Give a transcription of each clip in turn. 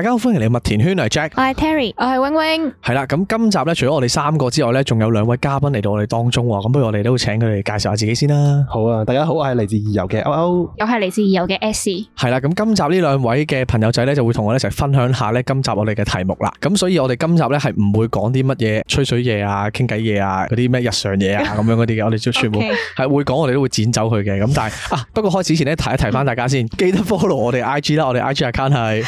大家好，歡迎嚟麥田圈，係 Jack，我係 Terri，我係 wing wing。係啦，咁今集咧，除咗我哋三個之外咧，仲有兩位嘉賓嚟到我哋當中喎。咁不如我哋都請佢哋介紹下自己先啦。好啊，大家好，我係嚟自義遊嘅 Au Au，又係嚟自義遊嘅 Essy。係啦，咁今集呢兩位嘅朋友仔咧就會同我一齊分享下咧今集我哋嘅題目啦。咁所以我哋今集咧係唔會講啲乜嘢吹水嘢啊、傾偈嘢啊、嗰啲咩日常嘢啊咁、啊、樣嗰啲嘅，我哋全部係會講，我哋都會剪走佢嘅。咁 但係啊，不過開始前咧提一提翻大家先，記得 follow 我哋 IG 啦，我哋 IG account 係。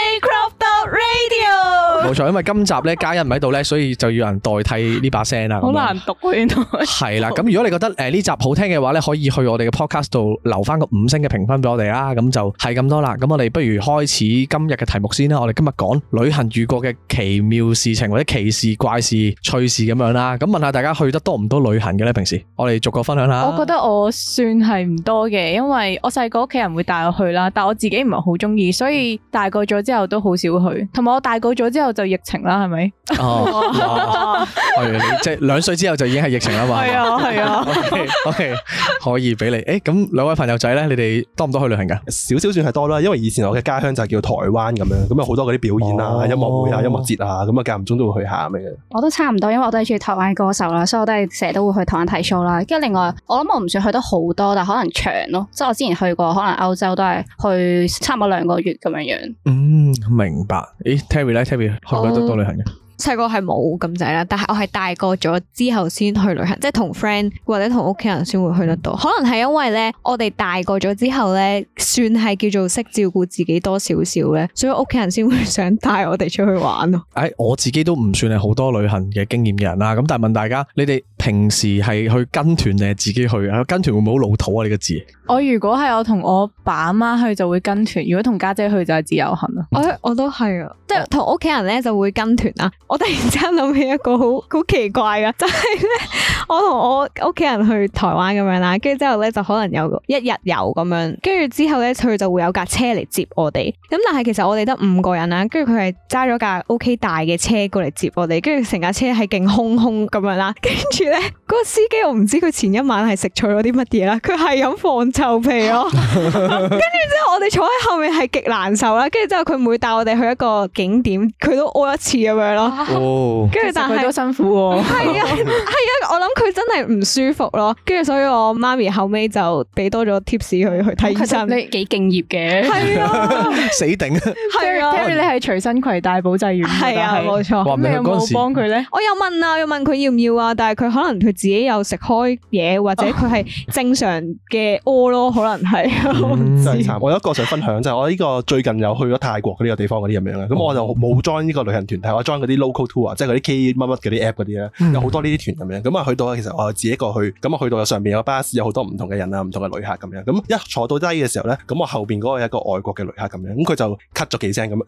HK Crop Dot Radio，冇錯，因為今集咧嘉欣唔喺度咧，所以就要人代替呢把聲啦。好難讀嘅，呢度，係啦。咁如果你覺得誒呢集好聽嘅話咧，可以去我哋嘅 podcast 度留翻個五星嘅評分俾我哋啦。咁就係咁多啦。咁我哋不如開始今日嘅題目先啦。我哋今日講旅行遇過嘅奇妙事情或者，奇事、怪事趣事咁樣啦。咁問下大家去得多唔多旅行嘅咧？平時我哋逐個分享下。我覺得我算係唔多嘅，因為我細個屋企人會帶我去啦，但係我自己唔係好中意，所以大個咗。之後都好少去，同埋我大個咗之後就疫情啦，係咪？哦，係即係兩歲之後就已經係疫情啦嘛。係啊，係啊。OK，可以俾你。誒、欸，咁兩位朋友仔咧，你哋多唔多去旅行㗎？少少算係多啦，因為以前我嘅家鄉就係叫台灣咁樣，咁有好多嗰啲表演啊、oh, oh.、音樂會啊、音樂節啊，咁啊間唔中都會去下咁樣。我都差唔多，因為我都係鍾意台灣歌手啦，所以我都係成日都會去台灣睇 show 啦。跟住另外，我諗我唔算去得好多，但可能長咯。即、就、係、是、我之前去過，可能歐洲都係去差唔多兩個月咁樣樣。嗯，明白。咦，Terry 咧，Terry，去唔去得、嗯、多旅行嘅？細個係冇咁滯啦，但係我係大個咗之後先去旅行，即係同 friend 或者同屋企人先會去得到。可能係因為咧，我哋大個咗之後咧，算係叫做識照顧自己多少少咧，所以屋企人先會想帶我哋出去玩咯。誒、哎，我自己都唔算係好多旅行嘅經驗嘅人啦，咁但係問大家，你哋平時係去跟團定係自己去啊？跟團會唔會好老土啊？呢個字？我如果係我同我爸阿媽去，就會跟團；如果同家姐去就係自由行啊，欸。我我都係啊，即係同屋企人咧就會跟團啊。我突然之間諗起一個好好奇怪嘅，就係咧我同我屋企人去台灣咁樣啦，跟住之後咧就可能有一日遊咁樣，跟住之後咧佢就會有架車嚟接我哋。咁但係其實我哋得五個人啦，跟住佢係揸咗架 O K 大嘅車過嚟接我哋，跟住成架車係勁空空咁樣啦，跟住咧嗰個司機我唔知佢前一晚係食錯咗啲乜嘢啦，佢係咁放臭屁咯，跟住之後我哋坐喺後面係極難受啦，跟住之後佢每帶我哋去一個景點，佢都屙一次咁樣咯，跟住、啊哦、但係好辛苦喎、啊啊，係 啊係啊，啊，我諗佢真係唔舒服咯，跟住所以我媽咪後尾就俾多咗 tips 佢去睇醫生，嗯、你幾敬業嘅，係啊。死定啊！Terri，你係隨身攜帶保濟丸嘅，係啊，冇錯。咁你有冇幫佢咧？我有問啊，有問佢要唔要啊，但係佢可能佢自己有食開嘢，或者佢係正常嘅屙咯，可能係。真慘！我有一個想分享就係我呢個最近有去咗泰國呢個地方嗰啲咁樣啦，咁我就冇 join 呢個旅行團，但我 join 嗰啲 local tour，即係嗰啲 K 乜乜嗰啲 app 嗰啲咧，有好多呢啲團咁樣。咁啊去到其實我自己一個去，咁啊去到上邊有巴士，有好多唔同嘅人啊，唔同嘅旅客咁樣。咁一坐到低嘅時候咧，咁我後邊嗰個一個外國嘅旅客咁樣。佢就咳咗幾聲咁樣，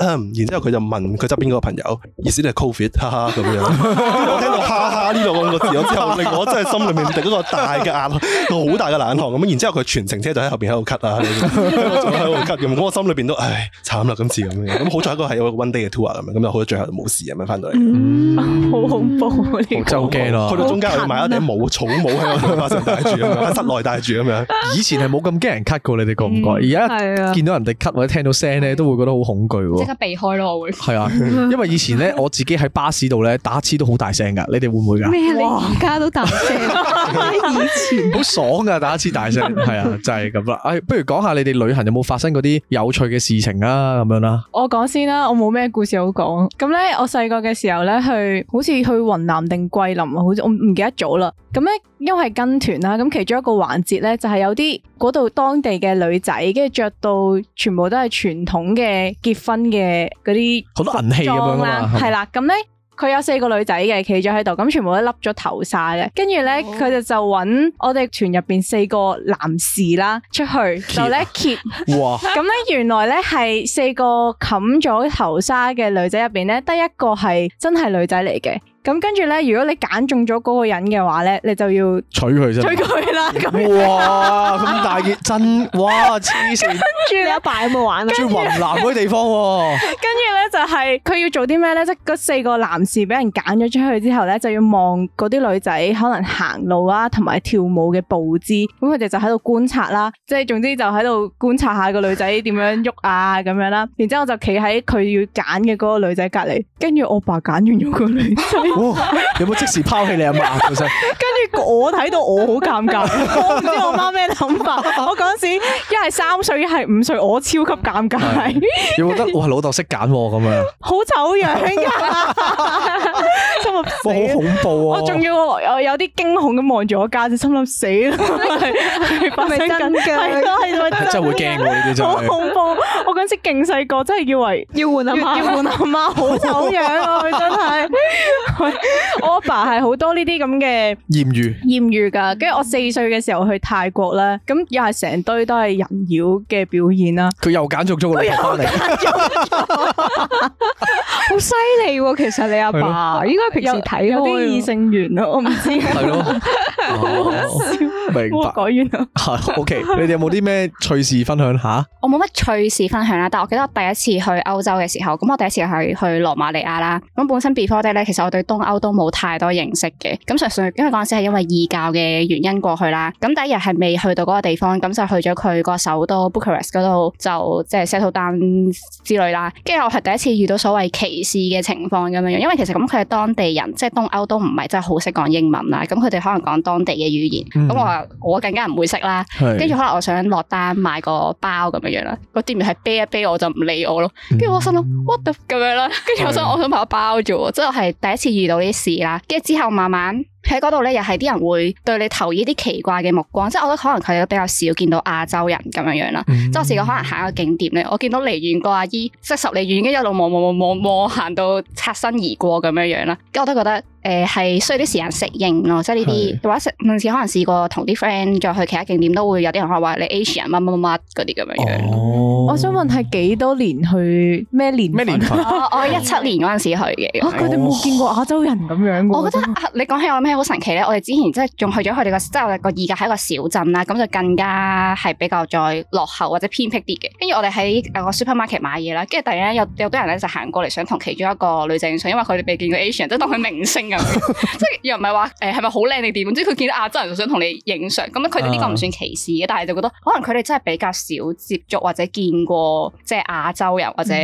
然之後佢就問佢側邊嗰個朋友，意思咧係 COVID，哈哈咁樣。 我聽到哈哈呢兩、呢個字之後，令我真係心裡面頂咗個大嘅壓，個好大嘅冷汗咁。然之後佢全程車就喺後邊喺度咳啊，仲喺度咳咁。我心裏邊都唉，次都唉慘啦今次咁。咁好彩一個係有個 one day 嘅 tour 咁樣，咁就好彩最後冇事咁樣返到嚟。嗯嗯、好恐怖呢好個真驚咯！去到中間又買一頂帽，嗯、草帽喺個頭上戴住，喺室內戴住咁樣。以前係冇咁驚人咳噶，啊，你哋覺唔覺？而家見到人哋咳，聽到聲咧，都會覺得好恐懼喎，即刻避開咯我會。係 啊，因為以前咧，我自己喺巴士度咧打車都好大聲噶，你哋會唔會噶？咩啊？你而家都大聲啊？以前好爽噶，打車大聲，係啊，就係咁啦。哎，不如講下你哋旅行有冇發生嗰啲有趣嘅事情啊？咁樣啦。我講先啦，我冇咩故事好講。咁咧，我細個嘅時候咧去，好似去雲南定桂林啊，好似我唔記得咗啦。咁咧，因為係跟團啦，咁其中一個環節咧就係有啲。嗰度當地嘅女仔，跟住着到全部都係傳統嘅結婚嘅嗰啲好多銀器咁啊，係啦，咁咧佢有四個女仔嘅企咗喺度，咁全部都笠咗頭紗嘅，跟住咧佢就就揾我哋團入邊四個男士啦出去，就咧揭哇，咁咧原來咧係四個冚咗頭紗嘅女仔入邊咧，得一個係真係女仔嚟嘅。咁跟住咧，如果你揀中咗嗰個人嘅話咧，你就要娶佢，娶佢啦！ 哇，咁大件真，哇黐線！跟住你阿爸有冇玩啊？跟住雲南嗰啲地方喎。跟住咧就係佢要做啲咩咧？即係嗰四個男士俾人揀咗出去之後咧，就要望嗰啲女仔可能行路啊，同埋跳舞嘅步姿。咁佢哋就喺度觀察啦，即係總之就喺度觀察下個女仔點樣喐啊咁樣啦。 然之後我就企喺佢要揀嘅嗰個女仔隔離，跟住我爸揀完咗個女仔。哇！有冇即時拋棄你阿媽？跟住我睇到我好尷尬，我唔知我媽咩諗法。我嗰陣時一係三歲一係五歲，我超級尷尬。有冇得我係，老豆識揀咁樣？好醜樣，心諗我好恐怖啊！我仲要有啲驚恐咁望住我家姐，心諗死啦，係咪真噶？係咪真？真會驚㗎，呢啲真係好恐怖。我嗰陣時勁細個，真係以為要換阿媽，要換阿媽，好醜樣啊！佢真係。 我阿爸係好多呢啲咁嘅艷遇，艷遇噶。跟住我四歲嘅時候去泰國啦，咁又係成堆都係人妖嘅表演啦。佢又揀咗咗個老婆返嚟，好犀利喎！其實你阿爸，爸了應該平時睇咗啲異性緣咯，我唔知。係咯，明白。講完啦。o Okay , k 你哋有冇啲咩趣事分享下？啊、我冇乜趣事分享啦。但係我記得我第一次去歐洲嘅時候，咁我第一次去去羅馬尼亞啦。咁本身 before Day 咧，其實我對東歐都冇太多認識嘅，咁實上，因為嗰陣時係因為義教嘅原因過去啦。咁第一日係未去到嗰個地方，咁就去咗佢個首都 Bucharest 嗰度，就即係 settle down 之類啦。跟住我係第一次遇到所謂歧視嘅情況咁樣樣，因為其實咁佢係當地人，即係東歐都唔係真係好識講英文啦。咁佢哋可能講當地嘅語言，咁我、嗯、我更加唔會識啦。跟住是可能我想落單買個包咁樣樣啦，個店員係啤一啤我就唔理我咯。跟住我心諗、嗯、what the 咁樣啦，跟住我想是我想買個包啫喎，即係我係第一次。遇到啲事啦，跟住之後慢慢。喺嗰度咧，又係啲人會對你投以啲奇怪嘅目光，即係我覺得可能佢比較少見到亞洲人咁樣樣啦。即、嗯、我試過可能行一個景點咧，我見到離遠個阿姨即十里遠，遠，跟住一路望望望望望，行到擦身而過咁樣樣啦。咁我都覺得誒係需要啲時間適應咯。即係呢啲或者陣時可能試過同啲 friend 再去其他景點，都會有啲人可能話你 Asian 乜乜乜嗰啲咁樣樣。哦哦、我想問係幾多年去咩年？咩、哦、年份我一七年嗰陣時去嘅。佢哋冇見過亞洲人咁樣。我覺得，嗯哦哦哦、我覺得你講起我咩？好神奇咧！我哋之前即係仲去咗佢哋個，即係個異地喺一個小鎮啦，咁就更加係比較再落後或者偏僻啲嘅。跟住我哋喺誒個 supermarket 買嘢啦，跟住突然間有有啲人咧就行過嚟想同其中一個女仔影相，因為佢哋未見過 Asian，即係當佢明星咁，即係又唔係話誒係咪好靚你點，即係佢見到亞洲人就想同你影相，咁樣佢哋呢個唔算歧視嘅，uh huh. 但係就覺得可能佢哋真係比較少接觸或者見過即係亞洲人，或者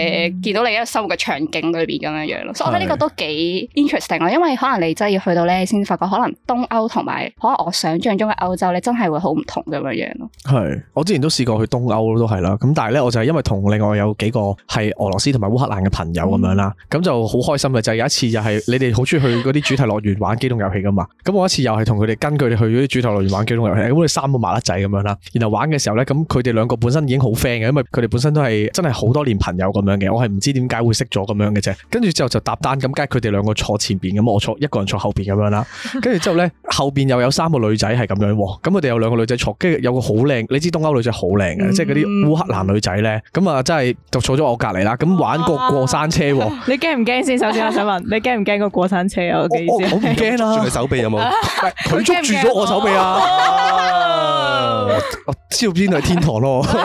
見到你一個生活嘅場景裏邊咁樣樣咯。Mm hmm. 所以我覺得呢個都幾 interesting 咯，因為可能你真係要去到咧先發可能東歐同埋可能我想象中嘅歐洲咧，你真係會好唔同咁樣樣咯。係，我之前都試過去東歐都係啦。咁但係咧，我就係因為同另外有幾個係俄羅斯同埋烏克蘭嘅朋友咁樣啦，咁、嗯、就好開心嘅。就係、有一次就係你哋好中意去嗰啲主題樂園玩機動遊戲噶嘛。咁 我一次又係同佢哋跟佢哋去嗰啲主題樂園玩機動遊戲，好似 三個麻甩仔咁樣啦。然後玩嘅時候咧，咁佢哋兩個本身已經好 friend 嘅，因為佢哋本身都係真係好多年朋友咁樣嘅。我係唔知點解會識咗咁樣嘅啫。跟住之後就搭單咁，梗係佢哋兩個坐前邊，咁我坐一個人坐後邊咁樣啦。跟住之後咧，後邊又有三個女仔係咁樣喎，咁佢哋有兩個女仔坐，跟住有個好靚，你知東歐女仔好靚嘅，嗯、即係嗰啲烏克蘭女仔咧，咁啊，真係就坐咗我隔離啦，咁玩個過，過山車喎。啊、你驚唔驚先？首先我想問，你驚唔驚個過山車啊？我唔驚啊。住你手臂有冇？佢捉住咗我手臂啊！我知邊係天堂咯。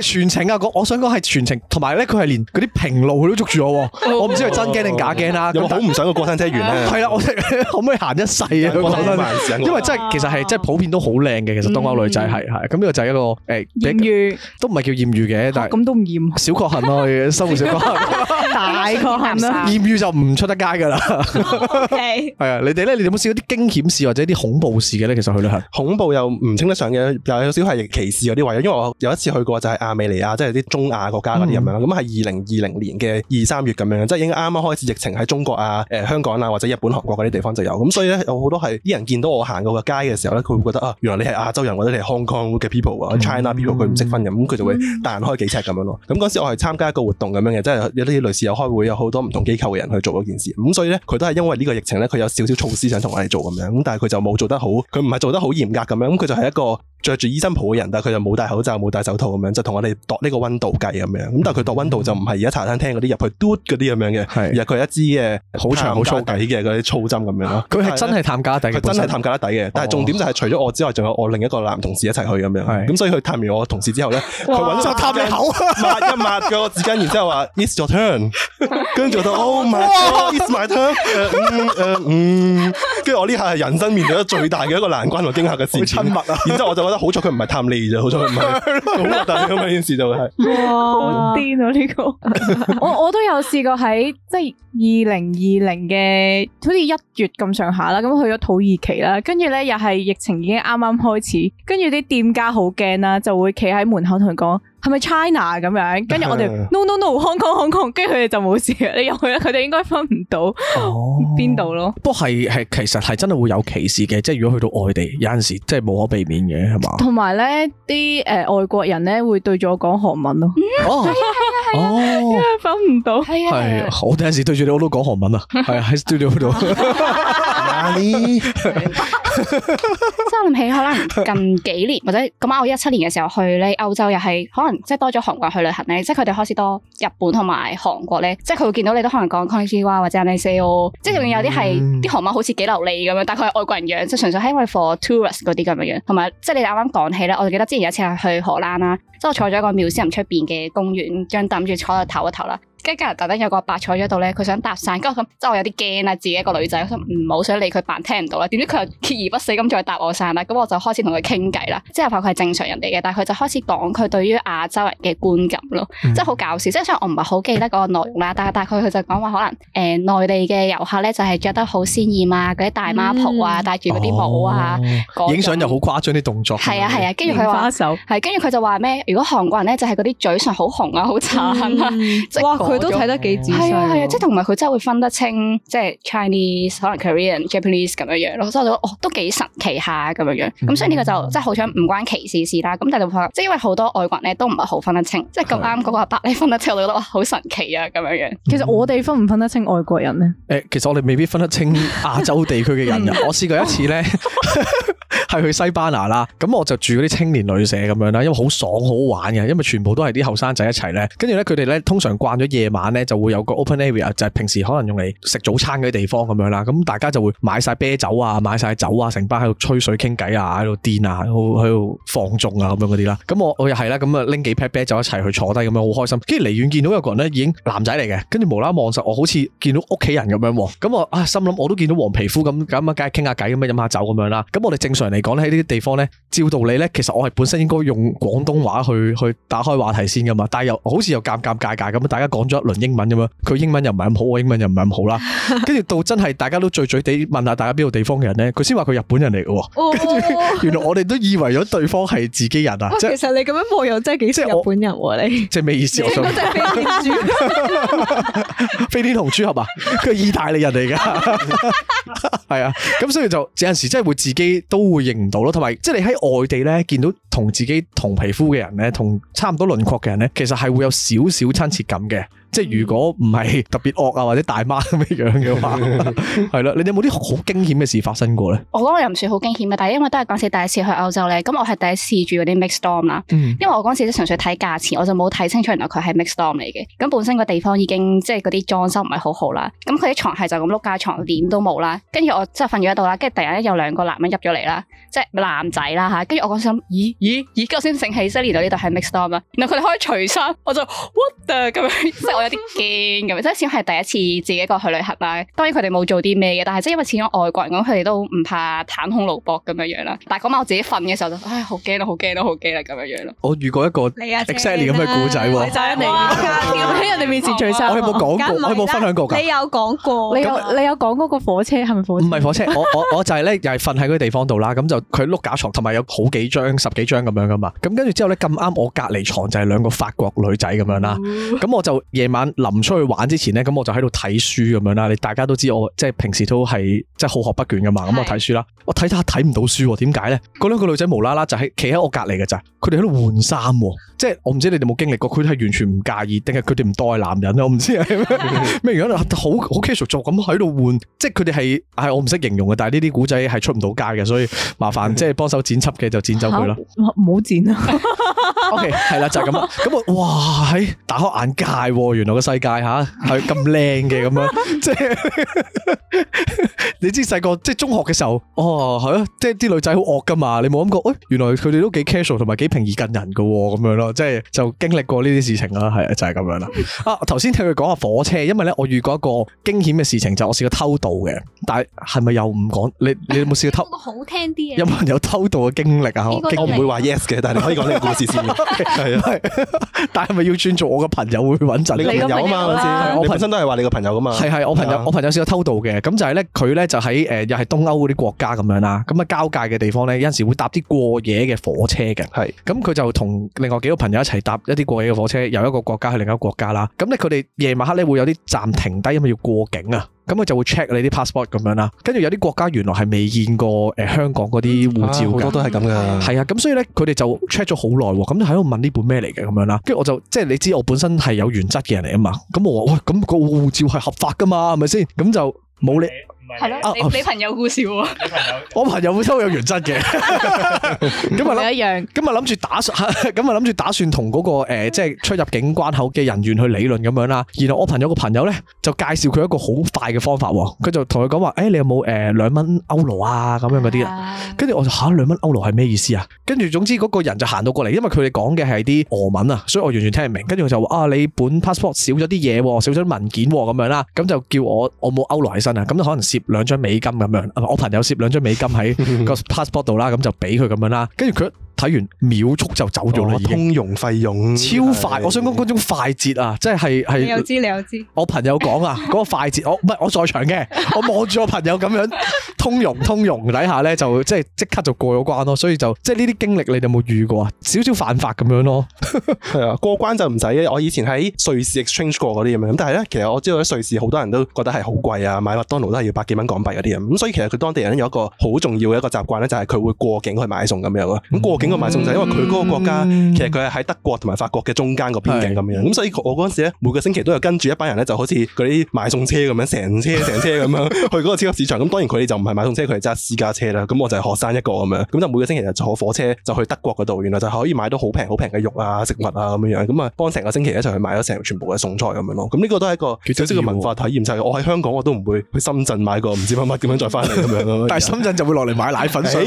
全程啊，我想講係全程，同埋咧佢係連嗰啲平路佢都捉住我，我唔知佢真驚定假驚啦。有冇好唔想個過山車完咧？係啦，我可唔可以行一世啊！過山車，因為真係其實係真係普遍都好靚嘅，其實東歐女仔係係咁，呢個就係一個誒艶遇，都唔係叫艶遇嘅，但係咁都唔艶，小確幸咯，生活小確幸，大確幸啦，艶遇就唔出得街㗎啦。係啊，你哋咧，你哋有冇試過啲驚險事或者啲恐怖事嘅咧？其實去旅行恐怖又唔稱得上嘅，又有少係歧視嗰啲位，因為我有一次去過係亞美尼亞，即係啲中亞國家嗰啲咁樣，咁係二零二零年嘅二三月咁樣，即係已經啱啱開始疫情喺中國啊、誒、呃、香港啊，或者日本、韓國嗰啲地方就有。咁所以咧，有好多係啲人見到我行過個街嘅時候咧，佢會覺得啊，原來你係亞洲人或者你係 Hong Kong 嘅 people、啊、China people，佢唔識分人，咁佢、嗯、就會彈開幾尺咁樣咯。咁、嗯、嗰、嗯、時我係參加一個活動咁樣嘅，即係有啲類似有開會，有好多唔同機構嘅人去做嗰件事。咁所以咧，佢都係因為呢個疫情咧，佢有少少措施想同我哋做咁樣，但係佢就冇做得好，佢唔係做得好嚴格咁樣。咁佢就係一個着住醫生袍嘅人，但係佢就冇戴口罩冇戴手套就同我哋度呢個溫度計咁樣，咁但係佢度溫度就唔係而家茶餐廳嗰啲入去嘟嗰啲咁樣嘅，而係佢一支嘅好長好粗底嘅嗰啲粗針咁樣咯。佢係真係探家底，佢真係探家底嘅。但係重點就係除咗我之外，仲有我另一個男同事一齊去咁樣，咁所以佢探完我同事之後咧，佢搵手探你口，抹一抹個紙巾面，即係話 miss your turn，跟住做到 oh my god, it's my turn，跟住我呢下係人生面對咗最大嘅一個難關同驚嚇嘅事親密啊！然之後我就覺得好彩佢唔係探你咋，好彩佢唔係好核突咁啊！件事就係哇，好癲啊！呢個我我都有試過喺即係二零二零嘅，好似一月咁上下啦。咁去咗土耳其啦，跟住咧又係疫情已經啱啱開始，跟住啲店家好驚啦，就會企喺門口同佢講。係咪 China 咁樣？跟住我哋 no no no，Hong Kong，Hong Kong，跟住佢哋就冇事。你入去咧，佢哋應該分唔到邊度咯。不過係係其實係真係會有歧視嘅，即係如果去到外地，有陣時即係冇可避免嘅，係嘛？同埋咧，啲誒外國人咧會對住我講韓文咯。哦，oh, oh, 因為分唔到。係啊，我有陣時對住你我都講韓文啊，係啊，喺 Studio 度。即係我諗起， 可能近幾年或者咁啱我一七年嘅時候去咧，歐洲又係可能即係多咗韓國去旅行咧，即係佢哋開始多日本同埋韓國咧，即係佢會見到你都可能講 Korean 話或者 nico 即係仲有啲係啲韓文好似幾流利咁樣，但係佢係外國人樣，即係純粹係因為 for tourists 嗰啲咁嘅樣，樣。同埋即係你啱啱講起咧，我就記得之前有一次係去荷蘭啦，即係我坐咗一個廟先，出邊嘅公園將等住坐喺度唞一唞啦。即係隔籬特登有個白菜喺度咧，佢想搭訕，跟住咁即係我有啲驚啊！自己一個女仔，我唔好想理佢，扮聽唔到啦。點知佢又鍥而不捨咁再搭我訕啦，咁我就開始同佢傾偈啦。即係怕佢係正常人嚟嘅，但係佢就開始講佢對於亞洲人嘅觀感咯，嗯、即係好搞笑。即係雖然我唔係好記得嗰個內容啦，但係大概佢就講話可能誒內地嘅遊客咧就係著得好鮮豔嘛，嗰啲大媽袍啊，戴住嗰啲帽啊，影相、嗯哦、種又好誇張啲動作。係啊係啊，跟住佢話係跟住佢就話咩？如果韓國人咧就係嗰啲嘴唇好紅啊，好慘啊！哇、嗯都睇得幾係啊，係啊，即係同埋佢真係會分得清，即係 Chinese、可能 Korean、Japanese 咁樣樣咯，所以我話哦，都幾神奇下咁樣樣。咁所以呢個就即係好想唔關歧視事啦。咁但係就即係因為好多外國人咧都唔係好分得清，嗯、即係咁啱嗰個阿伯咧分得清，我覺得好神奇啊咁樣樣。其實我哋分唔分得清外國人咧？誒、嗯，其實我哋未必分得清亞洲地區嘅人。 嗯、我試過一次咧，係 去西班牙啦，咁我就住嗰啲青年旅社咁樣啦，因為好爽好玩嘅，因為全部都係啲後生仔一齊咧。跟住咧，佢哋咧通常慣咗夜晚咧就會有個 open area，就係平時可能用嚟食早餐嘅地方咁樣啦。咁大家就會買晒啤酒啊，買晒酒啊，成班喺度吹水傾偈啊，喺度癲啊，喺度放縱啊咁樣嗰啲啦。咁我我又係啦，咁啊拎幾啤啤酒一齊去坐低，咁樣好開心。跟住離遠見到有個人咧，已經男仔嚟嘅，跟住無啦望實，我好似見到屋企人咁樣喎。咁我啊心諗我都見到黃皮膚咁，咁啊梗係傾下偈咁樣飲下酒咁樣啦。咁我哋正常嚟講咧喺呢啲地方咧，照道理咧其實我係本身應該用廣東話去去打開話題先噶嘛。但係又好似又尷尷尬尬咁，大家講。咗一輪英文咁樣，佢英文又唔係咁好，我英文又唔係咁好啦。跟住到真係，大家都嘴嘴地問下大家邊個地方嘅人咧，佢先話佢日本人嚟嘅。跟住、哦哦哦哦、原來我哋都以為咗對方係自己人啊。即係其實你咁樣模樣真係幾似日本人喎、啊、我你。即係咩意思我想？飛天豬，飛天紅豬俠啊！佢 係意大利人嚟噶。係啊，咁所以就有陣時真係會自己都會認唔到咯。同埋即係你喺外地咧見到同自己同皮膚嘅人咧，同差唔多輪廓嘅人咧，其實係會有少少親切感嘅。即係如果唔係特別惡啊或者大媽咁樣嘅話，係啦， 你哋有冇啲好驚險嘅事發生過咧？我嗰個又唔算好驚險嘅，但係因為都係嗰時第一次去歐洲咧，咁我係第一次住嗰啲 mix dorm 啦，因為我嗰時即純粹睇價錢，我就冇睇清楚，原來佢係 mix dorm 嚟嘅。咁本身個地方已經即係嗰啲裝修唔係好好啦，咁佢啲床係就咁碌架床，簾都冇啦。跟住我即係瞓咗喺度啦，跟住突然間有兩個男人入咗嚟啦，即係男仔啦嚇。跟、啊、住我嗰時諗，咦咦咦，咦，咦，我先醒起即係原來呢度係 mix dorm 啦。然後佢哋開除衫，我就 what 咁樣。 我有啲驚咁，即係始終係第一次自己一個去旅行啦。當然佢哋冇做啲咩嘅，但係即係因為始咗外國人咁，佢哋都唔怕坦胸露膊咁樣樣啦。但係講埋我自己瞓嘅時候就，唉，好驚咯，好驚咯，好驚啦咁樣樣咯。我遇過一個 exactly 咁嘅古仔喎，喺人哋面前敍述，我冇講過，我冇分享過㗎。你有講過？咁你有講嗰個火車係咪火？唔係火車，我我就係咧又係瞓喺嗰地方度啦。咁就佢碌架床，同埋有好幾張、十幾張咁樣噶嘛。咁跟住之後咧咁啱，我隔離床就係兩個法國女仔咁樣啦。咁我就晚臨出去玩之前咧，咁我就喺度睇書咁樣啦。你大家都知我即係平時都係即係好學不倦噶嘛，咁我睇書啦。我睇下睇唔到書，點解咧？嗰兩個女仔無啦啦就喺企喺我隔離嘅咋，佢哋喺度換衫，即係我唔知你哋冇經歷過，佢哋係完全唔介意，定係佢哋唔多係男人咧？我唔知係咩咩原因，好好 casual 咁喺度換，即係佢哋係係我唔識形容嘅，但係呢啲古仔係出唔到街嘅，所以麻煩 即係幫手剪輯嘅就剪走佢啦，唔好剪啦。 OK，係啦，就係咁啦。咁我哇，喺打開眼界，啊，原來個世界嚇係咁靚嘅咁樣，即係 你知細個即係中學嘅時候，哦。哦哦，係啊，即係啲女仔好惡噶嘛，你冇諗過，誒，原來佢哋都幾 casual，同埋幾平易近人噶，咁樣咯，即係就經歷過呢啲事情啦，係啊就係咁樣啦。啊，頭先聽佢講下火車，因為咧我遇過一個驚險嘅事情，就我試過偷渡嘅，但係係咪又唔講？你你有冇試過偷？好聽啲啊。有朋友偷渡嘅經歷啊，我唔會話 yes 嘅，但係你可以講呢個故事先。但係咪要專注我嘅朋友會穩陣呢個朋友啊嘛？先，我本身都係話你個朋友噶嘛。係係，我朋友我朋友試過偷渡嘅，咁就係咧佢咧就喺誒又係東歐嗰啲國家咁。咁樣啦，咁啊交界嘅地方咧，有陣時會搭啲過夜嘅火車嘅。係是，咁佢就同另外幾個朋友一齊搭一啲過夜嘅火車，由一個國家去另一個國家啦。咁咧，佢哋夜晚黑咧會有啲暫停低，因為要過境啊。咁佢就會 check 你啲 passport 咁樣啦。跟住有啲國家原來係未見過誒香港嗰啲護照，好，啊，多都係咁噶。係啊，咁所以咧，佢哋就 check 咗好耐，咁喺度問呢本咩嚟嘅咁樣啦。跟住我就即係你知，我本身係有原則嘅人嚟啊嘛。咁我話喂，咁個護照係合法噶嘛，係咪先？咁就冇理。呃係咯，啊、你朋友故事喎？ 我朋友都好有原則嘅。咁咪一樣。咁咪諗住打算，咁咪諗住打算同嗰個誒，即係出入境關口嘅人員去理論咁樣啦。然後我朋友個朋友咧，就介紹佢一個好快嘅方法。佢就同佢講話：，誒，你有冇誒兩蚊歐羅啊？咁樣嗰啲啊？跟住我就嚇，兩蚊歐羅係咩意思啊？跟住總之嗰個人就行到過嚟，因為佢哋講嘅係啲俄文啊，所以我完全聽唔明。跟住就話：，啊，你本 passport 少咗啲嘢，少咗文件咁樣啦。咁就叫我我冇歐羅喺身啊。咁就可能兩張美金咁樣，我朋友攝兩張美金喺個 passport 度啦，咁 就畀佢咁樣啦，跟住佢。睇完秒速就走咗啦、哦，通融費用超快。是我想講嗰種快捷啊，即係係係。你有知，你有知。我朋友講啊，嗰、嗰個快捷， 我唔係我在場嘅， 我望住我朋友咁樣通融通融底下咧，就即係即刻就過咗關咯。所以就即係呢啲經歷，你哋有冇遇過啊？少少犯法咁樣咯。係 啊，過關就唔使嘅。我以前喺瑞士 exchange 過嗰啲咁樣，咁但係咧，其實我知道喺瑞士好多人都覺得係好貴啊，買麥當勞都係要百幾蚊港幣嗰啲啊。咁所以其實佢當地人有一個好重要嘅一個習慣咧，就係佢會過境去買餸咁樣咯。咁、嗰個、過境。嗯應該買餸就係因為佢嗰個國家，其實佢係喺德國同埋法國嘅中間個邊境咁是的 樣，咁所以我嗰陣時咧，每個星期都有跟住一班人咧，就好似嗰啲買餸車咁樣，成車成車咁樣去嗰個超級市場。咁 當然佢哋就唔係買餸車，佢係揸私家車啦。咁我就係學生一個咁樣，咁就每個星期就坐火車就去德國嗰度，原來就可以買到好平好平嘅肉啊、食物啊咁樣樣，咁啊，幫成個星期一齊去買咗成全部嘅餸菜咁樣咯。咁呢個都係一個好正嘅文化體驗，就係我喺香港我都唔會去深圳買個唔知乜乜點樣再返嚟咁樣。樣 但係深圳就會落嚟買奶粉、水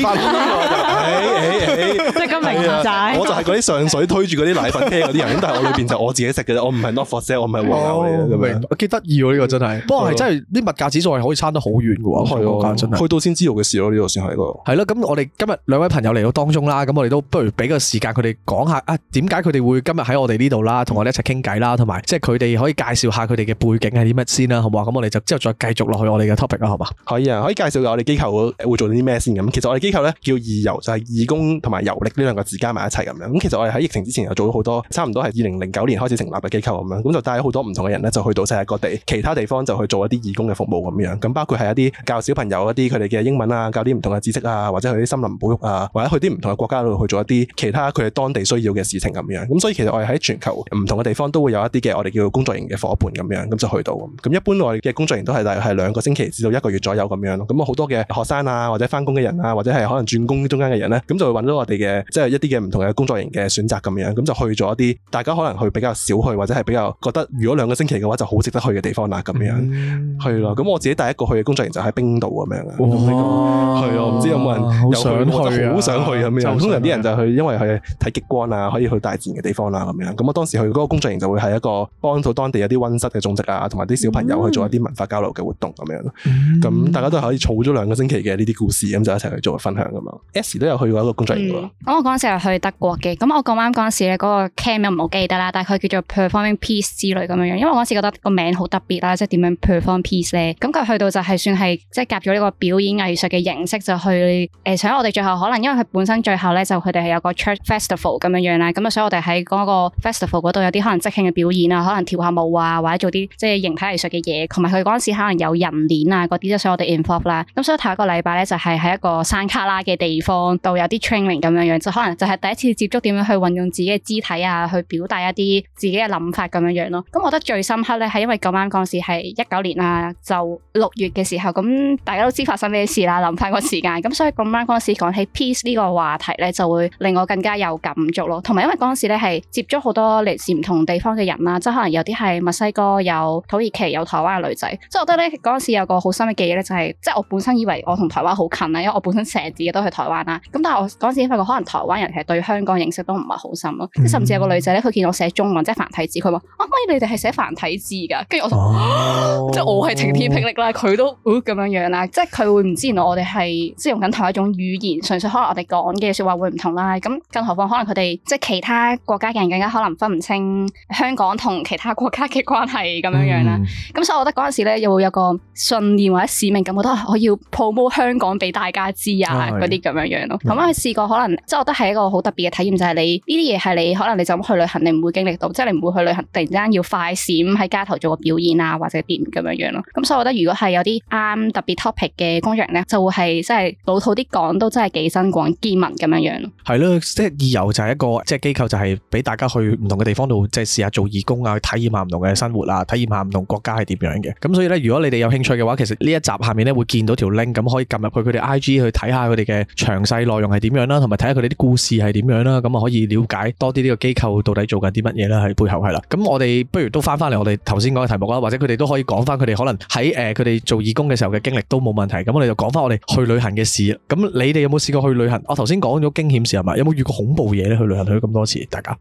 即係個名仔， 我就係嗰啲上水推住嗰啲奶粉車嗰啲人，咁 但係我裏邊就我自己食嘅啫，我唔係 not for sale，我唔係和牛嚟嘅，我幾得意喎呢個真係，嗯、不過係真係啲了物價指數係可以差得好遠嘅喎，了真係的去到先知道嘅事咯，呢度先係咯。係咯，咁我哋今日兩位朋友嚟到當中啦，咁我哋都不如俾個時間佢哋講下啊，點解佢哋會今日喺我哋呢度啦，同我哋一齊傾偈啦，同埋即係佢哋可以介紹下佢哋嘅背景係啲乜先啦，好唔好？咁我哋就之後再繼續落去我哋嘅 topic 啦，好嘛？可以啊，可以介紹下我哋機構會做啲咩先咁，其實我哋機構呢叫義遊就係義工同埋�呢兩個字加埋一齊咁樣，咁其實我哋喺疫情之前又做咗好多，差唔多係二零零九年開始成立嘅機構咁樣，咁就帶咗好多唔同嘅人咧，就去到世界各地其他地方，就去做一啲義工嘅服務咁樣，咁包括係一啲教小朋友一啲佢哋嘅英文啊，教啲唔同嘅知識啊，或者去啲森林保育啊，或者去啲唔同嘅國家度去做一啲其他佢哋當地需要嘅事情咁樣。咁所以其實我哋喺全球唔同嘅地方都會有一啲嘅我哋叫工作營嘅伙伴咁樣，咁就去到咁。一般我哋嘅工作營都係大概係兩個星期至到一個月左右咁樣咯。咁好多嘅學生啊，或者返工嘅人啊，或者係可能轉工中間嘅人咧，咁就會揾到我誒，即係一啲嘅唔同嘅工作營嘅選擇咁樣，咁就去咗一啲大家可能去比較少去或者係比較覺得如果兩個星期嘅話就好值得去嘅地方啦，咁樣係咯。咁我自己第一個去嘅工作營就喺冰島咁樣啦。哇！係啊，唔知有冇人有想去好想去咁樣。通常啲人就去，因為去睇極光啊，可以去大自然嘅地方啦，咁樣。咁我當時去嗰個工作營就會係一個幫到當地有啲溫室嘅種植啊，同埋啲小朋友去做一啲文化交流嘅活動咁樣。咁大家都係可以儲咗兩個星期嘅呢啲故事，咁就一齊去做分享咁樣。S 都有去過一個工作營。咁我嗰陣時係去德國嘅，咁我咁啱嗰陣時咧嗰個 cam 又唔好記得啦，但佢叫做 performing peace 之類咁樣樣，因為我嗰陣時覺得個名好特別啦，即係點樣 perform peace 咧，咁佢去到就係算係即係夾咗呢個表演藝術嘅形式就去，誒、呃，所以我哋最後可能因為佢本身最後咧就佢哋係有個 church festival 咁樣樣啦，咁啊，所以我哋喺嗰個 festival 嗰度有啲可能即興嘅表演啊，可能跳下舞啊，或者做啲即係形體藝術嘅嘢，同埋佢嗰陣時可能有人鏈啊嗰啲，即所以我哋 involve 啦，咁所以頭一個禮拜咧就係、是、喺一個山卡拉嘅地方度有啲 training 咁樣。就可能就係第一次接觸點樣去運用自己嘅肢體啊，去表達一啲自己嘅諗法咁樣樣、啊、咯。咁我覺得最深刻咧，係因為咁啱嗰時係一九年啊，就六月嘅時候，咁大家都知發生咩事啦。諗返 個時間，咁所以咁啱嗰時講起 peace 呢個話題咧，就會令我更加有感觸咯。同埋因為嗰陣時咧係接觸好多嚟自唔同地方嘅人啊，即係可能有啲係墨西哥、有土耳其、有台灣嘅女仔，所以我覺得咧嗰陣時有個好深嘅記憶咧，就係即係我本身以為我同台灣好近啊，因為我本身成日自己都去台灣啦。咁但係我嗰陣時發覺。可能台灣人係對香港認識都唔係好深咯，即甚至有個女仔咧，佢見到我寫中文，即係繁體字，佢話：啊，可以你哋係寫繁體字噶？跟住我話、哦：哦，即係我係晴天霹靂啦，佢都咁樣樣啦，即係佢會唔知原來我哋係即係用緊同一種語言，純粹可能我哋講嘅説話會唔同啦。咁更何況可能佢哋即係其他國家嘅人更加可能分唔清香港同其他國家嘅關係咁樣、嗯嗯、樣啦。咁所以我覺得嗰陣時咧，又會有個信念或者使命感，覺得我要 promote 香港俾大家知啊嗰啲咁樣樣咯。同埋佢試過可能。即係我覺得係一個好特別嘅體驗，就係、是、你呢啲嘢係你可能你就咁去旅行，你唔會經歷到，即、就、係、是、你唔會去旅行突然間要快閃喺街頭做個表演啊，或者點咁樣樣咯。咁所以我覺得如果係有啲啱特別 topic 嘅工作人咧，就會係即係老土啲講都真係幾新廣見聞咁樣樣咯。係咯，即係義遊就係一個即係機構，就係俾大家去唔同嘅地方度，即係試下做義工啊，去體驗下唔同嘅生活啊，體驗下唔同國家係點樣嘅。咁所以咧，如果你哋有興趣嘅話，其實呢一集下面咧會見到條 link，咁可以撳入去佢哋 IG 去睇下佢哋嘅詳細內容係點樣啦，同埋睇。佢哋啲故事係點樣啦？咁啊可以了解多啲呢個機構到底做緊啲乜嘢啦？喺背後係啦。咁我哋不如都翻翻嚟我哋頭先講嘅題目啦，或者佢哋都可以講翻佢哋可能喺誒佢哋做義工嘅時候嘅經歷都冇問題。咁我哋就講翻我哋去旅行嘅事。咁你哋有冇試過去旅行？我頭先講咗驚險事係咪？有冇遇過恐怖嘢咧？去旅行去咗咁多次，大家？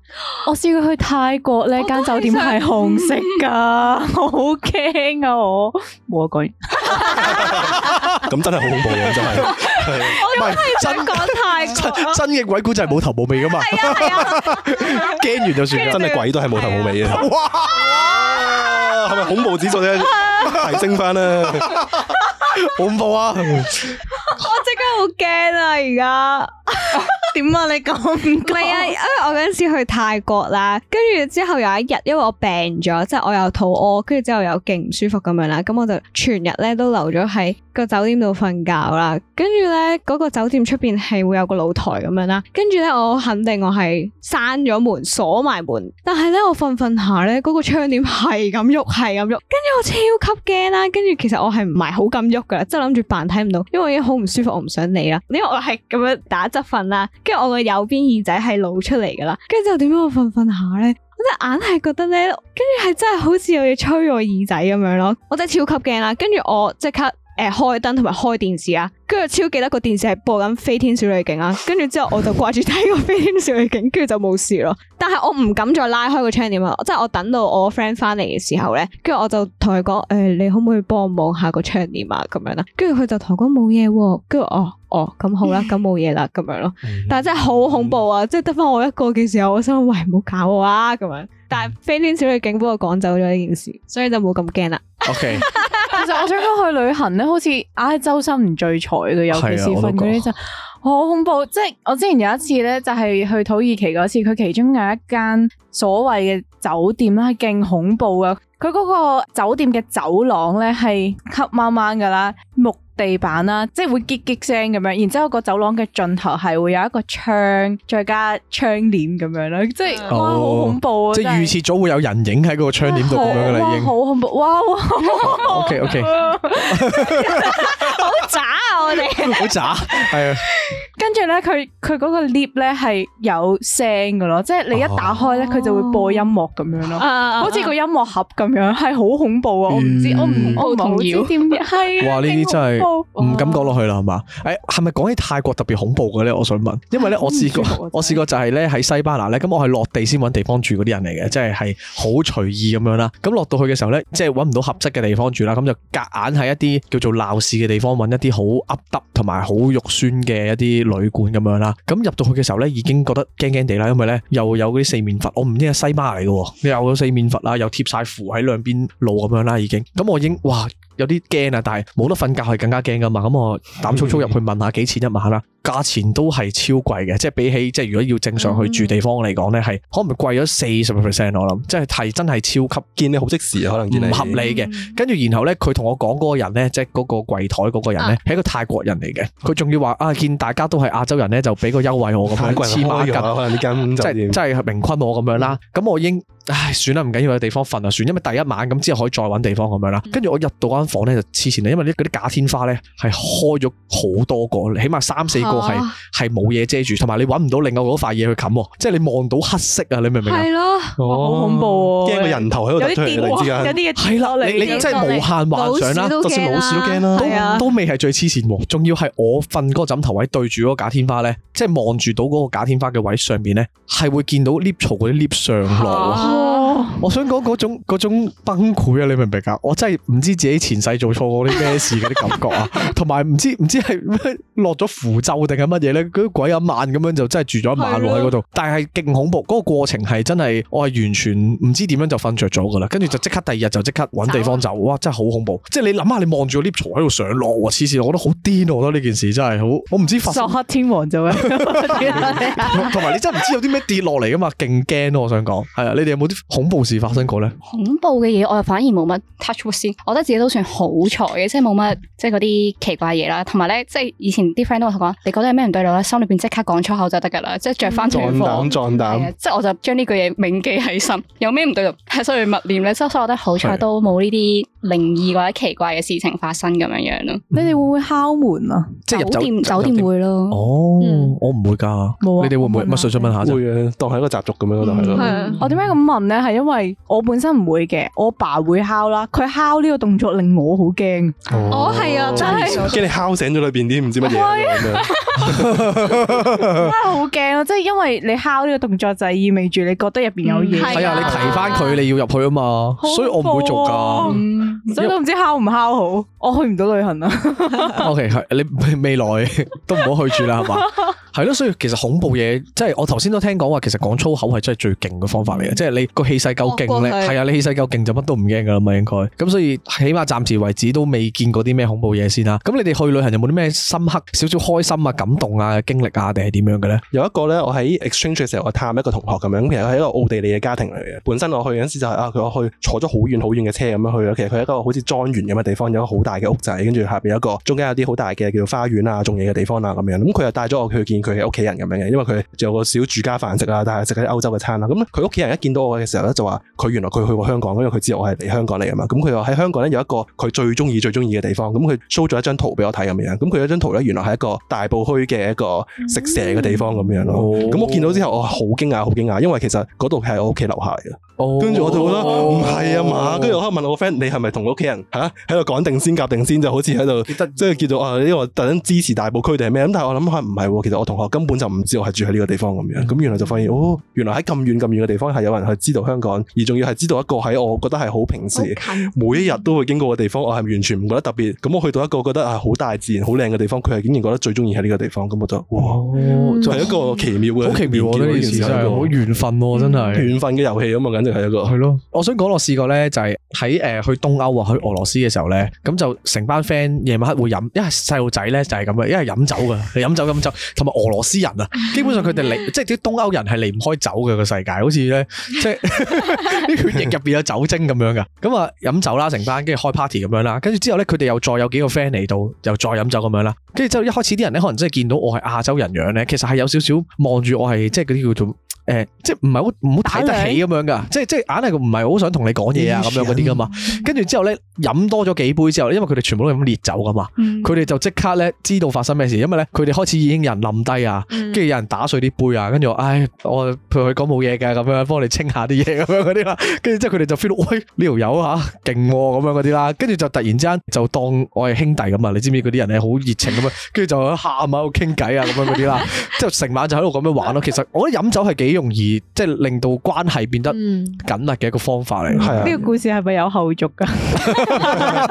我試過去泰國呢間酒店係紅色噶，我好驚啊！我冇講咁真係好恐怖啊！真係我真講泰國。真嘅鬼故就係冇頭冇尾噶嘛、啊，驚、啊啊、 完就算啦，真係鬼都係冇頭冇尾嘅、啊。哇，係咪、啊、恐怖指數咧、啊、提升翻啦、啊？ 恐怖啊！ 我即刻好驚啊！而家點啊？你咁唔係啊？因為我嗰陣時去泰國啦，跟住之後有一日，因為我病咗，即係我又肚屙，跟住之後又勁唔舒服咁樣啦，咁我就全日咧都留咗喺個酒店度瞓覺啦。跟住咧嗰個酒店出邊係會有個露台咁樣啦，跟住咧我肯定我係閂咗門鎖埋門，但係咧我瞓瞓下咧嗰個窗簾係咁喐，係咁喐，跟住我超級驚啦。跟住其實我係唔係好咁喐。真啦，即係諗住扮睇唔到，因為我已經好唔舒服，我唔想理啦。因為我係咁樣打側瞓啦，跟住我個右邊耳仔係露出嚟噶啦，跟住之後點樣我瞓瞓下呢？我隻眼係覺得呢，跟住係真係好似有嘢吹我耳仔咁樣咯。我只超級驚啦，跟住我即刻。誒，開燈同埋開電視啊，跟住超記得個電視係播緊《飛天小女警》啊，跟住之後我就掛住睇個《飛天小女警》，跟住就冇事咯。但係我唔敢再拉開個窗簾，即、就、係、是、我等到我 friend 翻嚟嘅時候咧，跟住我就同佢講：誒、欸，你可唔可以幫我望下個窗簾啊？咁樣啦，跟住佢就同我講冇嘢，跟住哦哦，咁、哦、好啦，咁冇嘢啦，咁 樣咯。但係真係好恐怖啊！即係得翻我一個嘅時候，我心諗：喂，唔好搞我啊！咁樣。但係《飛天小女警》幫我趕走咗呢件事，所以就冇咁驚啦。OK。 其實我想講去旅行咧，好似唉周身唔聚財嘅，尤其是瞓嗰啲就好恐怖。即係我之前有一次咧，就係去土耳其嗰次，佢其中有一間所謂嘅酒店咧，勁恐怖呀。佢嗰個酒店嘅走廊咧係黑掹掹噶啦木。地板啦，即係會嘰嘰聲咁樣，然之後個走廊嘅盡頭係會有一個窗，再加窗簾咁樣咯，即係哇好恐怖啊！即係預設咗會有人影喺嗰個窗簾度咁樣啦，已經好恐怖哇！O K O K，好渣啊我哋，好渣係啊！跟住咧，佢佢嗰個 lift 咧係有聲噶咯，即係你一打開咧，佢就會播音樂咁樣咯，好似個音樂盒咁樣，係好恐怖啊！我唔知我唔我唔知點係哇，呢啲真係。唔敢講落去啦，係嘛？誒、哎，係咪講起泰國特別恐怖嘅咧？我想問，因為咧我試過， 我試過就係咧喺西班牙咧，咁我係落地先揾地方住嗰啲人嚟嘅，即係係好隨意咁樣啦。咁落到去嘅時候咧，即係揾唔到合適嘅地方住啦，咁就夾硬喺一啲叫做鬧市嘅地方揾一啲好凹凸同埋好肉酸嘅一啲旅館咁樣啦。咁入到去嘅時候咧，已經覺得驚驚地啦，因為咧又有嗰啲四面佛，我唔知係西班牙嚟嘅，又有四面佛啊，又貼晒符喺兩邊路咁樣啦，已經咁我已經哇。有啲驚啊，但係冇得瞓覺係更加驚噶嘛。咁我膽粗粗入去問下幾錢一晚啦。價錢都係超貴嘅，即係比起即係如果要正常去住地方嚟講咧，係、嗯、可唔係貴咗四十 percent？我諗即係係真係超級堅咧好即時可能唔合理嘅。跟住、嗯、然後咧，佢同我講嗰個人咧，即係嗰個櫃台嗰個人咧，係一個泰國人嚟嘅。佢仲要話啊，見大家都係亞洲人咧，就俾個優惠我咁樣，黐孖筋，可能呢間即係即係明昆我咁樣啦。咁我已經。唉，算啦，唔緊要，有地方瞓就算，因為第一晚咁之後可以再揾地方咁樣啦。跟住、嗯、我入到間房咧，就黐線啦，因為啲啲假天花咧係開咗好多個，起碼三四個係係冇嘢遮住，同埋你揾唔到另外嗰塊嘢去冚，即係你望到黑色啊！你明唔明？係咯的，好、啊、恐怖啊！驚個人頭喺度突出嚟，有啲嘢，有啲嘢，係啦，你真係無限幻想啦，就算老，老、啊、都驚啦，都未係最黐線喎，仲要係我瞓嗰枕頭位對住嗰個假天花咧，即係望住到嗰個假天花嘅位上邊咧，係會見到 lift 槽嗰啲 lift 上落。啊我想講嗰種種崩潰啊，你明唔明噶？我真係唔知自己前世做錯過啲咩事嘅感覺啊，同埋唔知唔知係落咗符咒定係乜嘢咧？嗰啲鬼咁慢咁樣就真係住咗馬路喺嗰度，的但係勁恐怖。嗰、嗰個過程係真係我係完全唔知點樣就瞓着咗噶啦，跟住就即刻第二日就即刻搵地方走。走哇，真係好恐怖！即係你諗下，你望住個 lift 喺度上落，黐線，我覺得好癲啊！我覺得呢件事真係好，我唔知佛。作客天王就咩？同埋 你真係唔知有啲咩跌落嚟噶嘛？勁驚咯！我想講係啊，你哋有冇啲恐怖？事發生過咧，恐怖嘅嘢我又反而冇乜 touch 先，我覺得自己都算好彩嘅，即係冇乜即係嗰啲奇怪嘢啦。同埋咧，即係以前啲 friend 都同我講，你覺得有咩唔對路咧，心裏邊即刻講粗口就得噶啦，即係着翻全防撞膽，即係我就將呢句嘢銘記喺心。有咩唔對路，所以默念咧。所以，所以我覺得好彩是都冇呢啲靈異或者奇怪嘅事情發生咁樣樣咯。嗯、你哋會唔會敲門啊？即酒店酒店，酒店會咯。店哦，我唔會㗎，嗯、你哋會唔會問？問想問下啫，會嘅，當係一個習俗咁樣咯，就係咯。我點解咁問咧？係因為。我本身唔會嘅，我爸會敲啦。佢敲呢個動作令我好驚。哦，係啊，真係驚你敲醒咗裏邊啲唔知乜嘢。真係好驚啊，即係因為你敲呢個動作就係意味住你覺得入邊有嘢。係啊，你提翻佢，你要入去啊嘛。所以我唔會做噶。所以我唔知敲唔敲好，我去唔到旅行啊。OK，你未來都唔好去住啦，係嘛？係咯，所以其實恐怖嘢，即係我頭先都聽講話，其實講粗口係真係最勁嘅方法嚟嘅，即係你個氣勢夠。勁力係啊，你氣勢夠勁就乜都唔驚噶啦嘛，應該咁，所以起碼暫時為止都未見過啲咩恐怖嘢先啊。咁你哋去旅行有冇啲咩深刻、少少開心啊、感動啊經歷啊，定係點樣嘅咧？有一個咧，我喺 exchange 嘅時候，我探一個同學咁樣，其實係一個奧地利嘅家庭嚟嘅。本身我去嗰陣時就係、是、啊，佢我去坐咗好遠好遠嘅車咁樣去咯。其實佢係一個好似莊園咁嘅地方，有一個好大嘅屋仔，跟住下邊有一個中間有啲好大嘅叫花園啊，種嘢嘅地方啊咁樣。咁佢又帶咗我去見佢嘅屋企人咁樣嘅，因為佢仲有個小住家飯食啊，但係食啲歐洲嘅餐啦。咁佢屋企人一見到我嘅時候咧，就話。佢原來佢去過香港，因為佢知道我係嚟香港嚟啊嘛。咁佢話喺香港咧有一個佢最中意最中意嘅地方。咁佢 show 咗一張圖俾我睇咁樣。咁佢有一張圖咧，原來係一個大埔區嘅一個食蛇嘅地方咁樣咯。咁、哦哦、我見到之後，我好驚訝，好驚訝，因為其實嗰度係我屋企樓下嘅。跟住、哦、我就覺得唔係啊嘛。跟住、哦、我喺度問我個 friend：你係咪同屋企人嚇喺度講定先、夾定先，先？就好似喺度，即係叫做啊呢個特登支持大埔區定係咩？咁但係我諗係唔係？其實我同學根本就唔知道我係住喺呢個地方咁樣。咁原來就發現哦，原來喺咁遠咁遠嘅地方係有人去知道香港。而仲要係知道一個喺我覺得係好平時，每一日都會經過嘅地方，我係完全唔覺得特別。咁我去到一個覺得係好大自然、好靚嘅地方，佢係竟然覺得最中意喺呢個地方，咁我覺得哇，就係、哦、一個奇妙嘅，好、哦、奇妙嘅、啊、一件事真係、啊，真係好緣分喎、嗯，真係緣分嘅遊戲啊嘛，簡直係一個係咯。我想講我試過咧，就係喺誒去東歐啊，去俄羅斯嘅時候咧，咁就成班 friend 夜晚黑會飲，因為細路仔咧就係咁嘅，因為飲酒噶，飲酒飲酒，同埋俄羅斯人啊，基本上佢哋嚟，即係啲東歐人係離唔開酒嘅個世界，好似咧即係。就是 血液入邊有酒精咁樣噶，咁啊飲酒啦成班，跟住開 party 咁樣啦，跟住之後咧，佢哋又再有幾個 friend 嚟到，又再飲酒咁樣啦，跟住之後一開始啲人咧，可能真係見到我係亞洲人樣咧，其實係有少少望住我係即係嗰啲叫做。誒、呃，即係唔係好唔好睇得起咁樣噶？即係即係硬係唔係好想同你講嘢啊咁樣嗰啲噶嘛。跟住之後咧，飲多咗幾杯之後，因為佢哋全部都係咁烈酒噶嘛，佢哋、嗯、就即刻咧知道發生咩事，因為咧佢哋開始已經有人冧低啊，跟住有人打碎啲杯啊，跟住我話唉，我陪佢講冇嘢嘅咁樣，幫你清下啲嘢咁樣嗰啲啦。跟住之後佢哋就 feel 到，喂，呢條友啊勁咁、啊、樣嗰啲啦，跟住就突然之間就當我係兄弟咁啊！你知唔知嗰啲人係好熱情咁啊？跟住 就喺度喊喺度傾偈啊咁樣嗰啲啦。之後成晚就喺度咁樣玩咯。 其實我覺得飲酒係幾。容易即係令到關係變得緊密嘅一個方法嚟、嗯，係啊！呢個故事係咪有後續㗎、啊？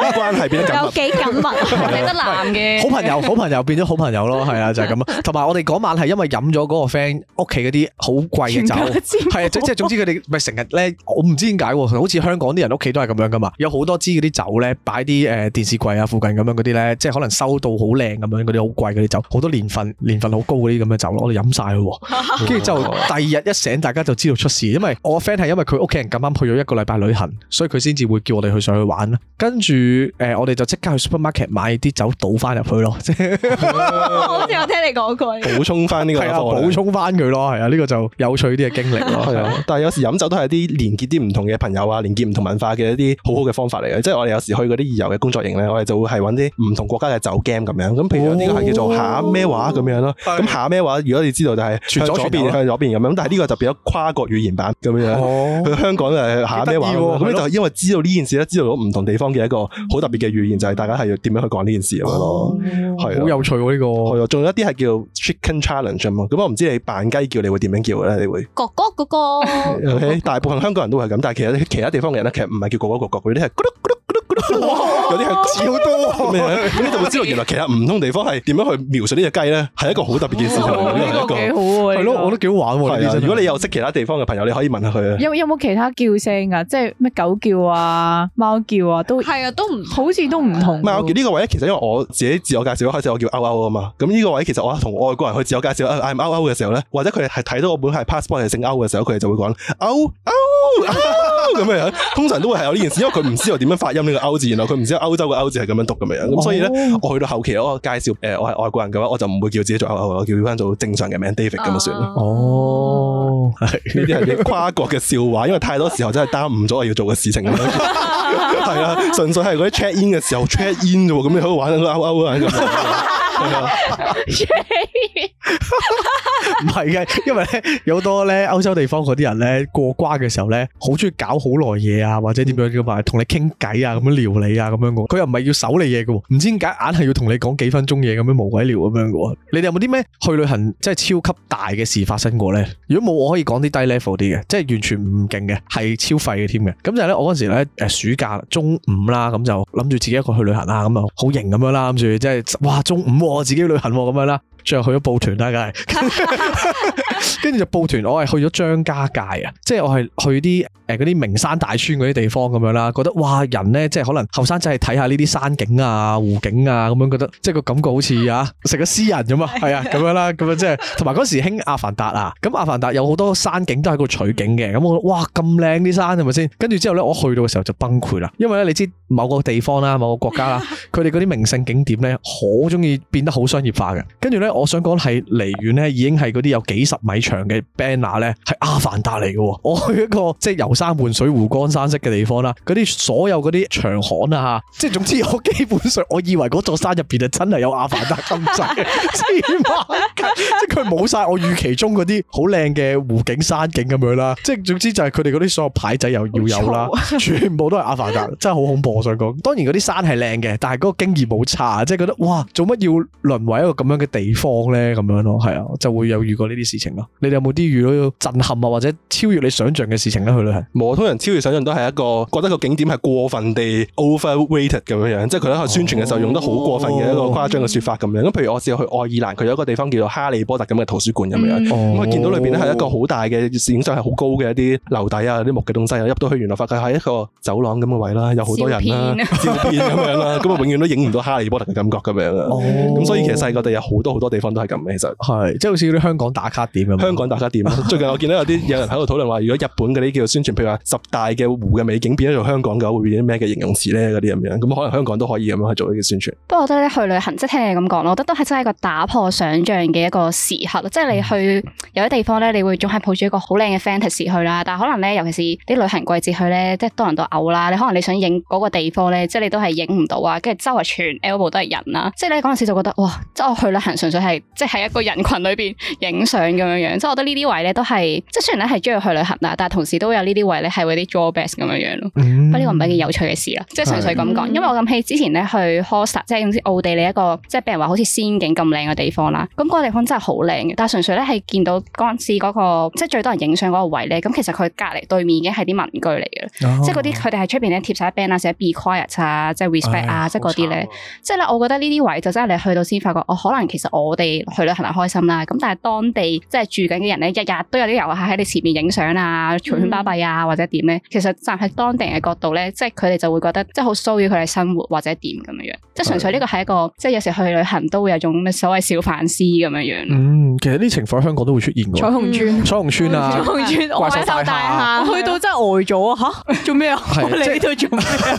關係變得緊密有幾緊密啊？成日 男嘅 好朋友，好朋友變咗好朋友咯，係啊， 就係咁啊。同埋我哋嗰晚係因為飲咗嗰個 friend 屋企嗰啲好貴嘅酒，係即係總之佢哋咪成日咧，我唔知點解喎，好似香港啲人屋企都係咁樣㗎嘛。有好多支嗰啲酒咧，擺啲誒電視櫃啊附近咁樣嗰啲咧，即係可能收到好靚咁樣嗰啲好貴嗰啲酒，好多年份年份好高嗰啲咁嘅酒咯，我哋飲晒佢喎，跟住 就第日一醒，大家就知道出事。因為我 friend 係因為佢屋企人咁啱去咗一個禮拜旅行，所以佢先至會叫我哋去上去玩啦。跟住誒，我哋就即刻去 supermarket 買啲酒倒翻入去咯。即係好似 我聽你講句，補充翻呢個，補充翻佢咯，係啊，呢、這個就有趣啲嘅經歷咯。但係有時飲酒都係啲連結啲唔同嘅朋友啊，連結唔同文化嘅一啲好好嘅方法嚟嘅。即係我哋有時去嗰啲義遊嘅工作營咧，我哋就會係搵啲唔同國家嘅酒 game 咁樣。咁譬如呢個係叫做下咩話咁樣咯。咁、哦、下咩話？如果你知道就係咗左邊，向左邊咁、啊、樣。但係呢個特別咗跨國語言版咁樣樣，哦、去香港咧下咩話咁咧就係因為知道呢件事咧，對了 知道咗唔同地方嘅一個好特別嘅語言，就係、是、大家係要點樣去講呢件事咁咯，係、哦、了好有趣呢個，係啊，仲、這個、有一啲係叫 Chicken Challenge 咁、嗯、啊，咁我唔知你扮雞叫你會點樣叫咧，你會哥哥嗰個，大部分香港人都係咁，但係其實其他地方嘅人咧，其實唔係叫哥哥，哥，哥，各各，嗰啲係咕嚕咕嚕。有啲係叫多咩？你就會知道，原來其他唔同地方係點樣去描述呢隻雞咧，係一個好特別嘅事情。呢個係一個係咯，我都幾好玩。如果你有識其他地方嘅朋友，你可以問下佢啊。有有冇其他叫聲噶？即係咩狗叫啊、貓叫啊？都係啊，都唔好似都唔同。貓叫呢個位咧，其實因為我自己自我介紹開始，我叫歐歐啊嘛。咁呢個位其實我同外國人去自我介紹，誒，我係歐歐嘅時候咧，或者佢哋係睇到我本係 passport 係姓歐嘅時候，佢哋就會講歐歐。咁樣樣，通常都會係有呢件事，因為佢唔知道點樣發音呢個歐字，然後佢唔知歐洲嘅歐字係咁樣讀咁樣，咁、oh. 所以咧，我去到後期我介紹，誒、呃，我係外國人嘅話，我就唔會叫自己做歐歐，我叫翻做正常嘅名 David 咁、uh. 就算啦。哦、oh.，係呢啲係啲跨國嘅笑話，因為太多時候真係耽誤咗我要做嘅事情。係 啊，純粹係嗰啲 check in 嘅時候 check in 啫，咁你喺度玩緊個歐歐啊。 唔係嘅，因為咧，有好多咧歐洲地方嗰啲人咧過關嘅時候咧，好中意搞好耐嘢啊，或者點樣咁啊，同你傾偈啊，咁樣撩你啊，咁樣嘅，佢又唔係要守你嘢嘅，唔知點解硬係要同你講幾分鐘嘢咁樣冇鬼聊咁樣嘅。你哋有冇啲咩去旅行即係超級大嘅事發生過咧？如果冇，我可以講啲低 level 啲嘅，即係完全唔勁嘅，係超廢嘅添嘅。咁就係咧，我嗰時咧誒暑假中午啦，咁就諗住自己一個去旅行啦，咁啊好型咁樣啦，諗住即係哇中午啊。我自己旅行喎，咁樣啦。最後去 就去咗報團啦，梗係，跟住就報團。我係去咗張家界啊，即係我係去啲誒嗰啲名山大川嗰啲地方咁樣啦。覺得哇，人咧即係可能後生仔係睇下呢啲山景啊、湖景啊咁樣，覺得即係個感覺好似啊，食咗詩人咁 啊，係啊咁樣啦，咁樣即係同埋嗰時興《阿凡達》啊，咁《阿凡達》有好多山景都喺嗰度取景嘅。咁、嗯、我哇咁靚啲山係咪先？跟住之後咧，我去到嘅時候就崩潰啦，因為咧你知某個地方啦、某個國家啦，佢哋嗰啲名勝景點咧，好中意變得好商業化嘅。跟住咧。我想講，係離遠咧，已經係嗰啲有幾十米長嘅 Banner 咧，係阿凡達嚟嘅。我去一個即係遊山玩水、湖光山色嘅地方啦，嗰啲所有嗰啲長巷啊，吓，即係總之我基本上，我以為嗰座山入邊啊真係有阿凡達咁滯， 即係佢冇晒我預期中嗰啲好靚嘅湖景、山景咁樣啦。即係總之就係佢哋嗰啲所有牌仔又要有啦，很醜 全部都係阿凡達， 真係好恐怖。我想講，當然嗰啲山係靚嘅，但係嗰個經驗冇差，即係覺得哇，做乜要淪為一個咁樣嘅地方？放咧咁樣咯，係啊，就會有遇過呢啲事情咯。你哋有冇啲遇到震撼啊，或者超越你想象嘅事情咧？去旅行，冇啊，通常超越想象都係一個覺得個景點係過分地 overrated w 咁樣樣，即係佢喺度宣傳嘅時候用得好過分嘅一個誇張嘅說法咁樣。咁、哦、譬如我試過去愛爾蘭，佢有一個地方叫做哈利波特咁嘅圖書館咁樣，咁我、嗯哦、見到裏邊咧係一個好大嘅，影相係好高嘅一啲樓底啊，啲木嘅東西啊，入到去原來發覺係一個走廊咁嘅位啦，有好多人啦、啊，照片咁笑片 樣啦，咁啊永遠都影唔到哈利波特嘅感覺咁樣啊。咁、嗯嗯、所以其實細個哋有好多好多。地方都係咁，其實係對即係好似啲香港打卡點啊，香港打卡點啊。 最近我見到有啲有人喺度討論話，如果日本嗰啲叫做宣傳，譬 如話十大嘅湖嘅美景變咗做香港嘅話，會變啲咩嘅形容詞咧？嗰啲咁樣，咁可能香港都可以咁樣去做呢個宣傳。不過我覺得咧，去旅行即係聽你咁講，我覺得都係真係一個打破想象嘅一個時刻。即係你去有啲地方咧，你會仲係抱住一個好靚嘅 fantasy 去啦。但係可能咧，尤其是啲旅行季節去咧，即係多人都嘔啦。你可能你想影嗰個地方咧，即係你都係影唔到啊。跟住周圍全 l 部都係人啦。即係你嗰陣時就覺得哇，即我去旅行，純粹～係即係喺一個人群裏邊影相咁樣樣，即係我覺得呢啲位咧都係即係雖然咧係中意去旅行啦，但係同時都有呢啲位咧係嗰啲 drawbacks 咁樣樣咯。是不呢個唔係一件有趣嘅事啦，即係純粹咁講。因為我諗起之前咧去 Hallstatt 即係總之奧地利一個即係譬如話好似仙境咁靚嘅地方啦。咁嗰個地方真係好靚嘅，但係純粹咧係見到嗰陣時嗰個即係最多人影相嗰個位咧，咁其實佢隔籬對面已經係啲民居嚟嘅，哦、即係嗰啲佢哋喺出邊咧貼晒 band 啊，寫 be quiet 啊、哎呦，即係 respect 啊，醜即係嗰啲咧。即係咧，我覺得呢啲位就真係你去到先發覺，我可能其實我。我哋去旅行係開心啦，咁但係當地即係住緊嘅人咧，日日都有啲遊客喺你前面影相啊、嘈喧巴閉啊或者點咧，其實站喺當地人嘅角度咧，即係佢哋就會覺得即係好騷擾佢哋生活或者點咁樣樣，即係純粹呢個係一個即係有時去旅行都會有種咩所謂小反思咁樣樣。嗯，其實呢啲情況喺香港都會出現嘅。彩虹村、彩虹村啊、彩虹村怪獸大廈，去到真係呆咗啊吓？做咩啊？嚟呢度做咩啊？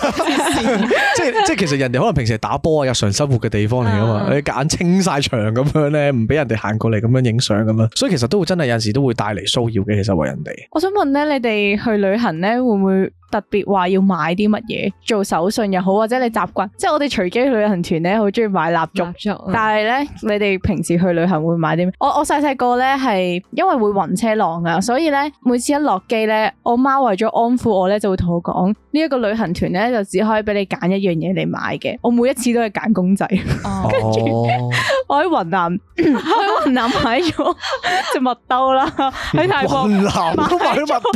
即係即係，其實人哋可能平時係打波啊、日常生活嘅地方嚟噶嘛，你夾硬清晒場。咁樣呢，唔俾人哋行過嚟咁樣影相㗎嘛，所以其實都會真係有陣時都會帶嚟騷擾嘅。其實為人哋，我想問呢，你哋去旅行呢會唔會？特別話要買啲乜嘢？做手信又好，或者你習慣，即係我哋隨機旅行團咧，好中意買蠟燭。但係咧，燭你哋平時去旅行會買啲咩？我我細細個咧係因為會暈車浪啊，所以咧每次一落機咧，我媽為咗安撫我咧，就會同我講呢一個旅行團咧就只可以俾你揀一樣嘢嚟買嘅。我每一次都係揀公仔，跟住、啊、 我喺雲南，喺 雲南買咗隻麥兜啦。喺雲南都買咗麥兜，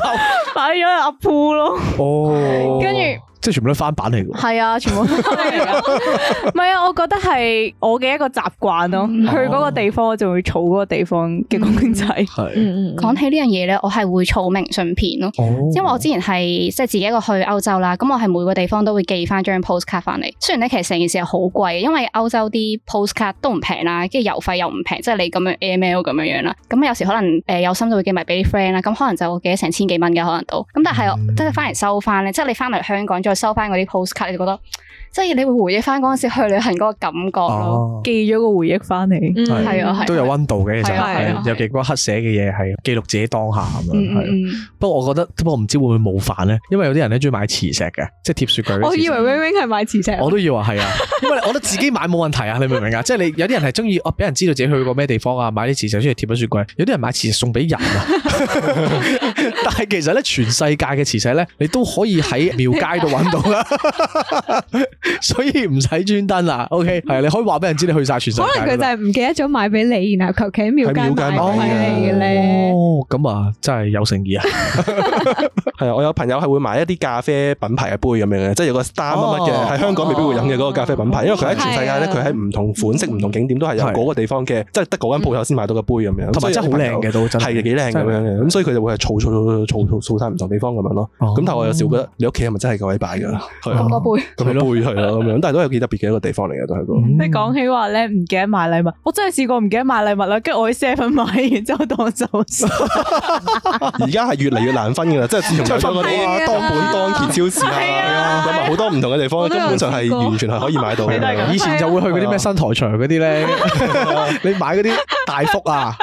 買咗阿鋪咯。哦，跟住。即係全部都翻版嚟㗎。係啊，全部都翻嚟㗎。唔係啊，我覺得係我嘅一個習慣咯、啊。嗯、去嗰個地方，我、啊、就會儲嗰個地方嘅公仔。係、嗯。講、嗯、起呢樣嘢咧，嗯、我係會儲明信片咯。哦、因為我之前係即係自己一個去歐洲啦，咁我係每個地方都會寄翻張 postcard 翻嚟。雖然咧其實成件事係好貴，因為歐洲啲 postcard 都唔平啦，跟住郵費又唔平，即係你咁樣 email 咁樣樣啦。咁有時可能誒有心就會寄埋俾啲 friend 啦。咁可能就記得成千幾蚊嘅可能都。咁但係、嗯、即係翻嚟收翻咧，即係你翻嚟香港收翻嗰啲 post 卡，你就覺得即係你會回憶翻嗰陣時去旅行嗰個感覺咯，啊、寄咗個回憶翻嚟，係啊、嗯，都有溫度嘅，其實尤其黑寫嘅嘢係記錄自己當下咁樣，係。不過我覺得，不過唔知會唔會冒犯咧，因為有啲人咧中意買磁石嘅，即係貼雪櫃。我以為永永係買磁石， 我都以為係啊，因為我覺得自己買冇問題啊，你明唔明啊？即係你有啲人係中意，哦俾人知道自己去過咩地方啊，買啲磁石出嚟貼咗雪櫃。有啲人買磁石送俾人啊。 但係其實咧，全世界嘅磁石咧，你都可以喺廟街度揾到啦，所以唔使專登啦。OK，係你可以話俾人知你去晒全世界。可能佢就係唔記得咗買俾你，然後求其喺廟街買俾你咧。咁啊，真係有誠意啊！係啊，我有朋友係會買一啲咖啡品牌嘅杯咁樣嘅，即係有個 star 乜乜嘅，喺香港未必會飲嘅嗰個咖啡品牌，因為佢喺全世界咧，佢喺唔同款式、唔同景點都係有嗰個地方嘅，即係得嗰間鋪頭先買到嘅杯咁樣，同埋真係好靚嘅，都真係幾靚嘅咁樣嘅。咁所以佢就會係儲儲儲儲儲儲晒唔同地方咁樣咯。咁但係我有時覺得，你屋企係咪真係夠位擺噶？係啊，咁樣背去啊，咁樣。但係都係幾特別嘅一個地方嚟嘅，都係個。你講起話咧，唔記得買禮物，我真係試過唔記得買禮物啦。跟住我去 seven 買，然之後當走手。而家係越嚟越難分噶啦，即係自從出咗個當本當前超市啦，咁啊好多唔同嘅地方，根本上係完全係可以買到嘅。以前就會去嗰啲咩新台場嗰啲咧，你買嗰啲。大福啊，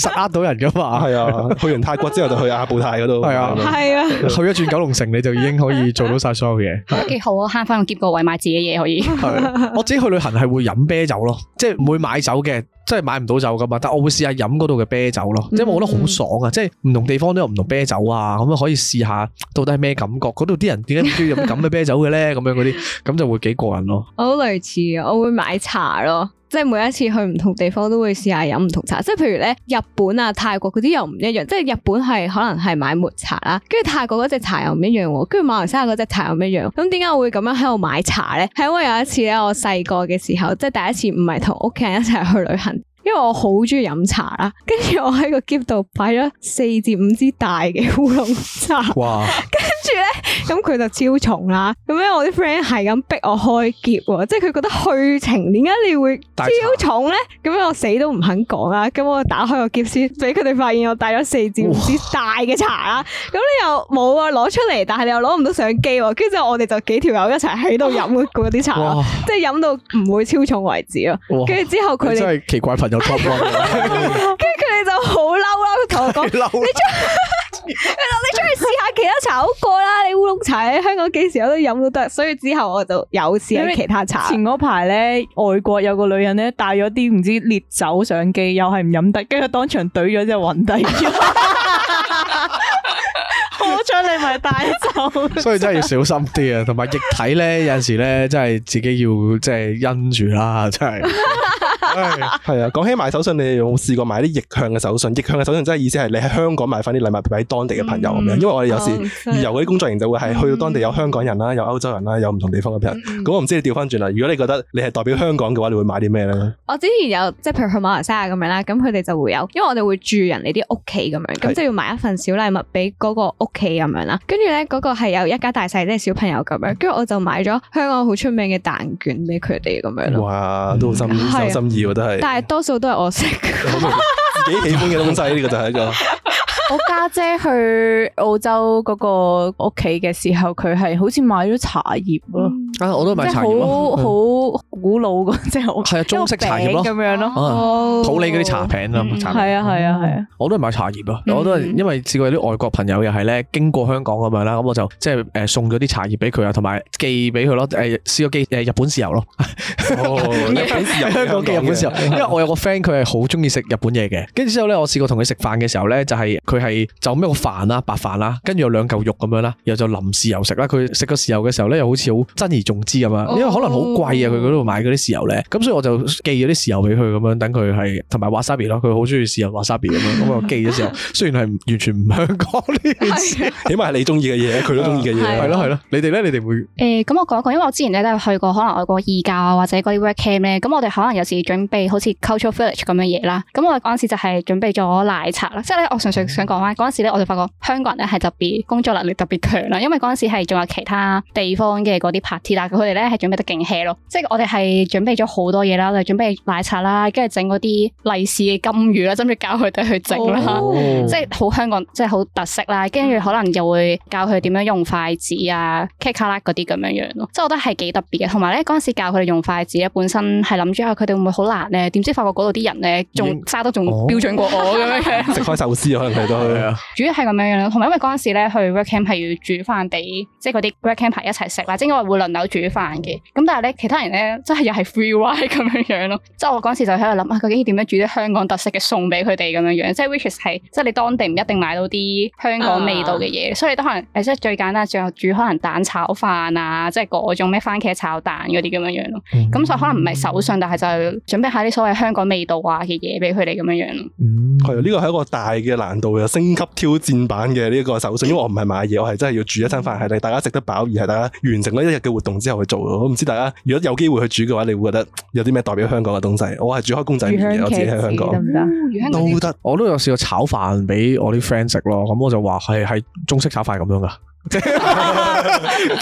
實呃到人噶嘛？係啊，去完泰國之後就去阿布泰嗰度。係啊，係啊，啊去一轉九龍城你就已經可以做到晒所有嘢。幾好啊，慳翻個幾個位買自己嘢可以。啊、 我自己去旅行係會飲啤酒咯，即係唔會買酒嘅。真係買唔到酒㗎嘛？但係我會試下飲嗰度嘅啤酒咯，即係、嗯、我覺得好爽啊！嗯、即係唔同地方都有唔同啤酒啊，咁樣、嗯、可以試下到底係咩感覺。嗰度啲人點解唔中意飲咁嘅啤酒嘅咧？咁 樣嗰啲咁就會幾過癮咯。我好類似啊，我會買茶咯，即係每一次去唔同地方都會試下飲唔同茶。即係譬如咧，日本啊、泰國嗰啲又唔一樣。即係日本係可能係買抹茶啦，跟住泰國嗰隻茶又唔一樣喎，跟住馬來西亞嗰隻茶又唔一樣。咁點解我會咁樣喺度買茶咧？係因為有一次咧，我細個嘅時候，即係第一次唔係同屋企人一齊去旅行。因為我好中意飲茶啦，跟住我喺個篋度擺咗四至五支大嘅烏龍茶。哇 住咁佢就超重啦，咁樣我啲 friend 係咁逼我開篋喎，即係佢覺得去程點解你會超重咧？咁樣茶我死都唔肯講啦。咁我打開個篋先，俾佢哋發現我帶咗四支唔知大嘅、啊、哇茶啦。咁你又冇啊，攞出嚟，但係你又攞唔到相機。跟住之後我哋就幾條友一齊喺度飲嗰啲茶，哇即係飲到唔會超重為止咯。跟住之後佢真係奇怪朋友，跟住佢哋就好嬲啦，佢同我講： 你出去試下其他茶好過啦，你烏龍茶喺香港幾時我都飲都得，所以之後我就有試下其他茶。前嗰排咧，外國有個女人咧帶咗啲唔知烈酒上機，又係唔飲得，跟住當場懟咗隻暈低咗。好彩你咪係帶酒，所以真係要小心啲啊！同埋液體咧，有陣時咧真係自己要即係因住啦，真係。真 係， 哎、啊！講起買手信，你有冇試過買啲逆向嘅手信？逆向嘅手信真係意思係你喺香港買翻啲禮物俾當地嘅朋友咁樣。嗯、因為我哋有時由嗰啲工作人員就會係去到當地有香港人啦、嗯，有歐洲人啦，有唔同地方嘅人。咁、嗯、我唔知你調翻轉啦。如果你覺得你係代表香港嘅話，你會買啲咩咧？我之前有即係譬如去馬來西亞咁樣啦，咁佢哋就會有，因為我哋會住人哋啲屋企咁樣，咁是的 就要買一份小禮物俾嗰個屋企咁樣啦。跟住咧嗰個係有一家大細即係小朋友咁樣，跟住我就買咗香港好出名嘅蛋卷俾佢哋咁樣、嗯、哇，都好心， 心意。是但，係多數都係我食，自己喜歡嘅東西，呢個就係一個。我家姐去澳洲嗰個屋企嘅時候，佢係好似買咗茶葉咯。嗯我都買茶葉咯，好古老即係，係啊，中式茶葉咯咁樣咯，普洱嗰啲茶餅啊，茶係啊係啊係啊，我都係買茶葉囉，我都係因為試過有啲外國朋友又係咧經過香港咁樣啦，咁我就即係誒送咗啲茶葉俾佢啊，同埋寄俾佢咯，誒試過寄日本豉油咯，香港寄日本豉油，因為我有個 friend 佢係好中意食日本嘢嘅，跟住之後咧我試過同佢食飯嘅時候咧就係佢係就咩個飯啊，白飯啦，跟住有兩嚿肉咁樣啦，又就淋豉油食啦，佢食個豉油嘅時候咧又好似好真仲知咁啊？因為可能好貴啊，佢嗰度買嗰啲豉油咧，咁所以我就寄咗啲豉油俾佢咁樣，等佢係同埋 wasabi 咯，佢好中意豉油 wasabi 咁樣。咁我寄咗時候，雖然係完全唔香港，呢件事，起碼係你中意嘅嘢，佢都中意嘅嘢，係咯係咯。你哋咧，你哋會誒？咁、欸、我講一講，因為我之前咧都係去過可能外國義教啊，或者嗰啲 work camp 咧，咁我哋可能有時準備好似 cultural village 咁嘅嘢啦。咁我嗰陣時就係準備咗奶茶啦，即係咧我純粹想講返，嗰陣時咧我就發覺香港人咧係特別工作能力特別強啦，因為嗰陣時係仲有其他地方嘅嗰啲 party。但佢哋咧係準備得勁 hea 咯，即係我哋係準備咗好多嘢啦，嚟準備奶茶啦，跟住整嗰啲利是嘅金魚啦，甚至教佢哋去整啦，即係好香港，即係好特色啦。跟住可能又會教佢點樣用筷子啊、Kakala 嗰啲咁樣樣咯。即係我覺得係幾特別嘅。同埋咧嗰陣時教佢哋用筷子咧，本身係諗住話佢哋會唔會好難咧，點知發覺嗰度啲人咧仲揸得仲標準過我咁樣。食 開壽司可能睇到佢啊。嗯、主要係咁樣樣，同埋因為嗰陣時咧去 work camp 係要煮飯俾即係嗰啲 work camp 一齊食啦，正因為會輪煮飯嘅，咁但係咧，其他人咧，真係又係 free ride 咁樣樣咯。即係我嗰時就喺度諗啊，究竟點樣煮啲香港特色嘅餸俾佢哋咁樣樣？即係 which 係，即係你當地唔一定買到啲香港味道嘅嘢，啊、所以都可能即係最簡單，最後煮可能蛋炒飯啊，即係嗰種咩番茄炒蛋嗰啲咁樣樣咯。咁所以可能唔係手信，嗯、但係就準備下啲所謂香港味道啊嘅嘢俾佢哋咁樣樣咯。係啊、嗯，呢個係一個大嘅難度嘅升級挑戰版嘅呢個手信，因為我唔係買嘢，我係真係要煮一餐飯，係令大家食得飽，而係大家完成咗一日嘅活動。之後去做咯，我唔知大家，如果有機會去煮嘅話，你會覺得有啲咩代表香港嘅東西？我係煮開公仔麵嘅，我自己喺香港香，嗯、都得，我都有試過炒飯畀我啲 friend 食咯，咁我就話係係中式炒飯咁樣噶即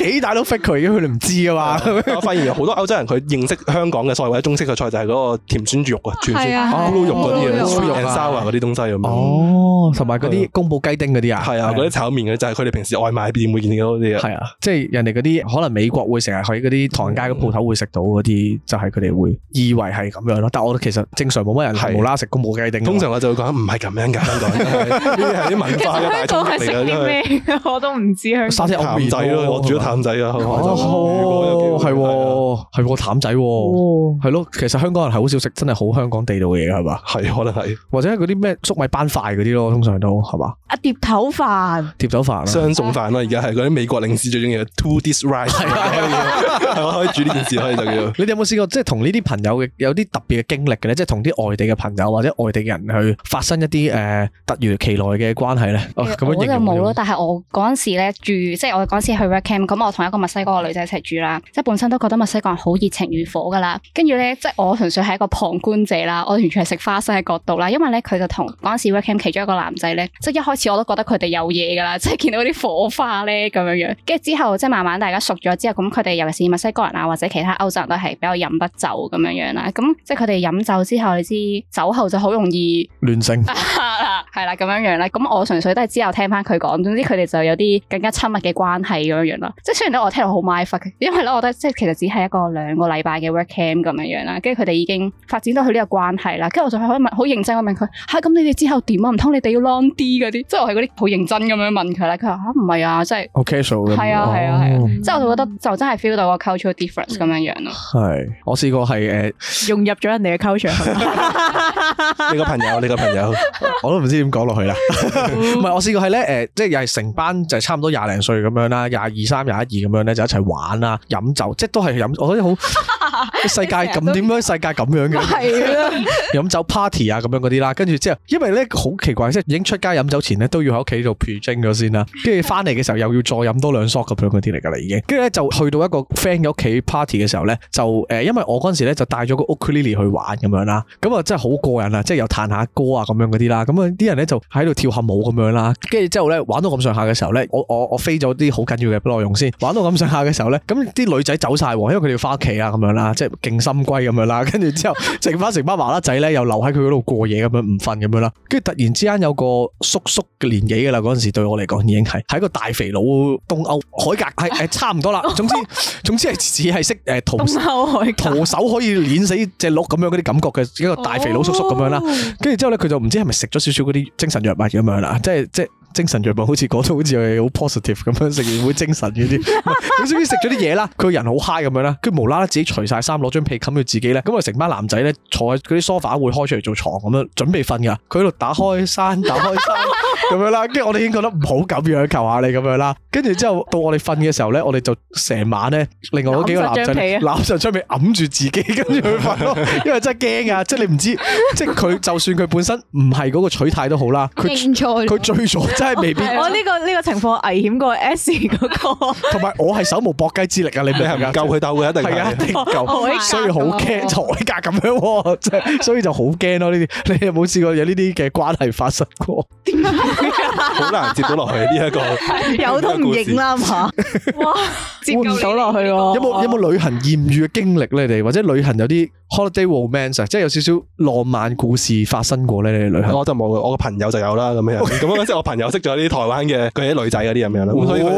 幾大都 fake 佢，因為佢哋唔知啊嘛。我發現好多歐洲人佢認識香港嘅菜或者中式嘅菜，就係嗰個甜酸豬肉啊，甜酸咕嚕肉嗰啲嘢，燒啊啲東西啊。哦，同埋嗰啲宮保雞丁嗰啲啊，係啊，嗰啲炒麵嗰啲就係佢哋平時外賣店會見到嗰啲啊。係啊，即係人哋嗰啲可能美國會成日喺嗰啲唐人街嘅鋪頭會食到嗰啲，就係佢哋會以為係咁樣咯。但係我其實正常冇乜人無啦啦食宮保雞丁。通常我就會講唔係咁樣噶，香港呢啲係啲文化嘅大中華嚟嘅。我都唔知。沙爹鹹仔咯，我煮咗鹹仔啊！哦，係喎，係喎，鹹仔喎，係咯。其實香港人係好少食，真係好香港地道嘅嘢，係嘛？係，可能係，或者係嗰啲咩粟米斑塊嗰啲咯，通常都係嘛？啊，碟頭飯，碟頭飯，雙餸飯啦，而家係嗰啲美國領事最中意嘅 two dish rice 係嘛？可以煮呢件事，可以就叫你哋有冇試過即係同呢啲朋友嘅有啲特別嘅經歷嘅咧，即係同啲外地嘅朋友或者外地人去發生一啲誒突如其來嘅關係咧？我就冇咯，但係我嗰陣時咧。住即係我嗰時去 workcamp 咁我同一個墨西哥嘅女仔一齊住啦。即係本身都覺得墨西哥人好熱情如火噶啦。跟住咧，即係我純粹係一個旁觀者啦，我完全係食花生嘅角度啦。因為咧，佢就同嗰陣時 workcamp 其中一個男仔咧，即係一開始我都覺得佢哋有嘢噶啦，即係見到啲火花咧咁樣樣。跟住之後，即係慢慢大家熟咗之後，咁佢哋尤其是墨西哥人啊，或者其他歐洲人都係比較飲不酒咁樣樣啦。咁即係佢哋飲酒之後，你知酒後就好容易亂性啦，係啦咁樣樣咧。咁我純粹都係之後聽翻佢講，總之佢哋就有啲更加。親密嘅關係咁樣樣啦，即係雖然咧，我聽到好 my 福，因為咧，我覺得即係其實只係一個兩個禮拜嘅 workcamp 咁樣樣啦，跟住佢哋已經發展到佢呢個關係啦，跟住我就可以問，好認真，咁問佢嚇，咁你哋之後點啊？唔通你哋要 long 啲嗰啲？即係我係嗰啲好認真咁樣問佢啦。佢話嚇唔係啊，即係 casual，係啊係啊係啊，即係我就覺得就真係 feel 到個 culture difference 咁樣樣咯。係，我試過係誒融入咗人哋嘅 culture，你個朋友，你個朋友，我都唔知點講落去啦。唔係，我試過係咧誒，即係又係成班就係差唔多廿零歲咁樣啦，廿二三、廿一二咁樣咧，就一齊玩啦、飲酒，即係都係飲，我覺得好。 世界咁點樣？世界咁樣嘅，係飲酒 party 啊，咁、啊、樣嗰啲啦，跟住之後，因為咧好奇怪，即係已經出街飲酒前咧都要喺屋企度 pre-drink 咗先啦，跟住翻嚟嘅時候又要再飲多兩 shot 咁樣嗰啲嚟噶啦，已經，跟住咧就去到一個 friend 嘅屋企 party 嘅時候咧，就誒、呃，因為我嗰陣時咧就帶咗個 ukulele 去玩咁樣啦，咁啊真係好過癮啊，即係又彈下歌啊，咁樣嗰啲啦，咁啊啲人咧就喺度跳下舞咁樣啦，跟住之後咧玩到咁上下嘅時候咧，我我我飛咗啲好緊要嘅內容先，玩到咁上下嘅時候咧，咁啲女仔走晒喎，因為佢哋要翻屋企啊，咁樣啦。即係勁心機咁樣啦，跟住之後剩翻成班麻甩仔咧，又留喺佢嗰度過夜咁樣唔瞓咁樣啦，跟住突然之間有個叔叔嘅年紀噶啦，嗰陣時對我嚟講已經係係一個大肥佬東歐海格係誒，差唔多啦。總之 總之係只係識誒，徒手徒手可以碾死隻鹿咁樣嗰啲感覺嘅一個大肥佬叔叔咁樣啦。跟住之後咧，佢就唔知係咪食咗少少嗰啲精神藥物咁樣啦，即係即係。精神藥物好似講得好似係好 positive 咁樣，食完會精神嗰啲。咁所以食咗啲嘢啦，佢人好嗨咁樣啦，佢無啦啦自己除晒衫攞張被冚住自己咧，咁啊成班男仔咧坐喺嗰啲 sofa 會開出嚟做床咁樣準備瞓噶。佢喺度打開衫打開衫咁 樣啦，跟住我哋已經覺得唔好咁樣，求下你咁樣啦。跟住之後到我哋瞓嘅時候咧，我哋就成晚咧另外嗰幾個男仔攬上出面揞住自己跟住去瞓咯，因為真係驚啊！即係你唔知， 即係佢就算佢本身唔係嗰個取態都好啦，佢佢追咗。 真係未必。我呢個呢個情況危險過 S 嗰個。同埋我係手無縛雞之力啊！你唔係㗎，救佢但會一定救。所以好驚財格咁樣，即係所以就好驚咯。呢啲你有冇試過有呢啲嘅關係發生過？好難接到落去呢一個。有都唔認啦嚇。接唔到落去喎。有冇有冇旅行艷遇嘅經歷咧？你哋或者旅行有啲 holiday romance，即係有少少浪漫故事發生過咧？你哋旅行我就冇。我個朋友就有啦咁樣。咁啊，即係我朋友。識咗啲台灣嘅佢係啲女仔哇啊，啲咁樣啦，咁所以佢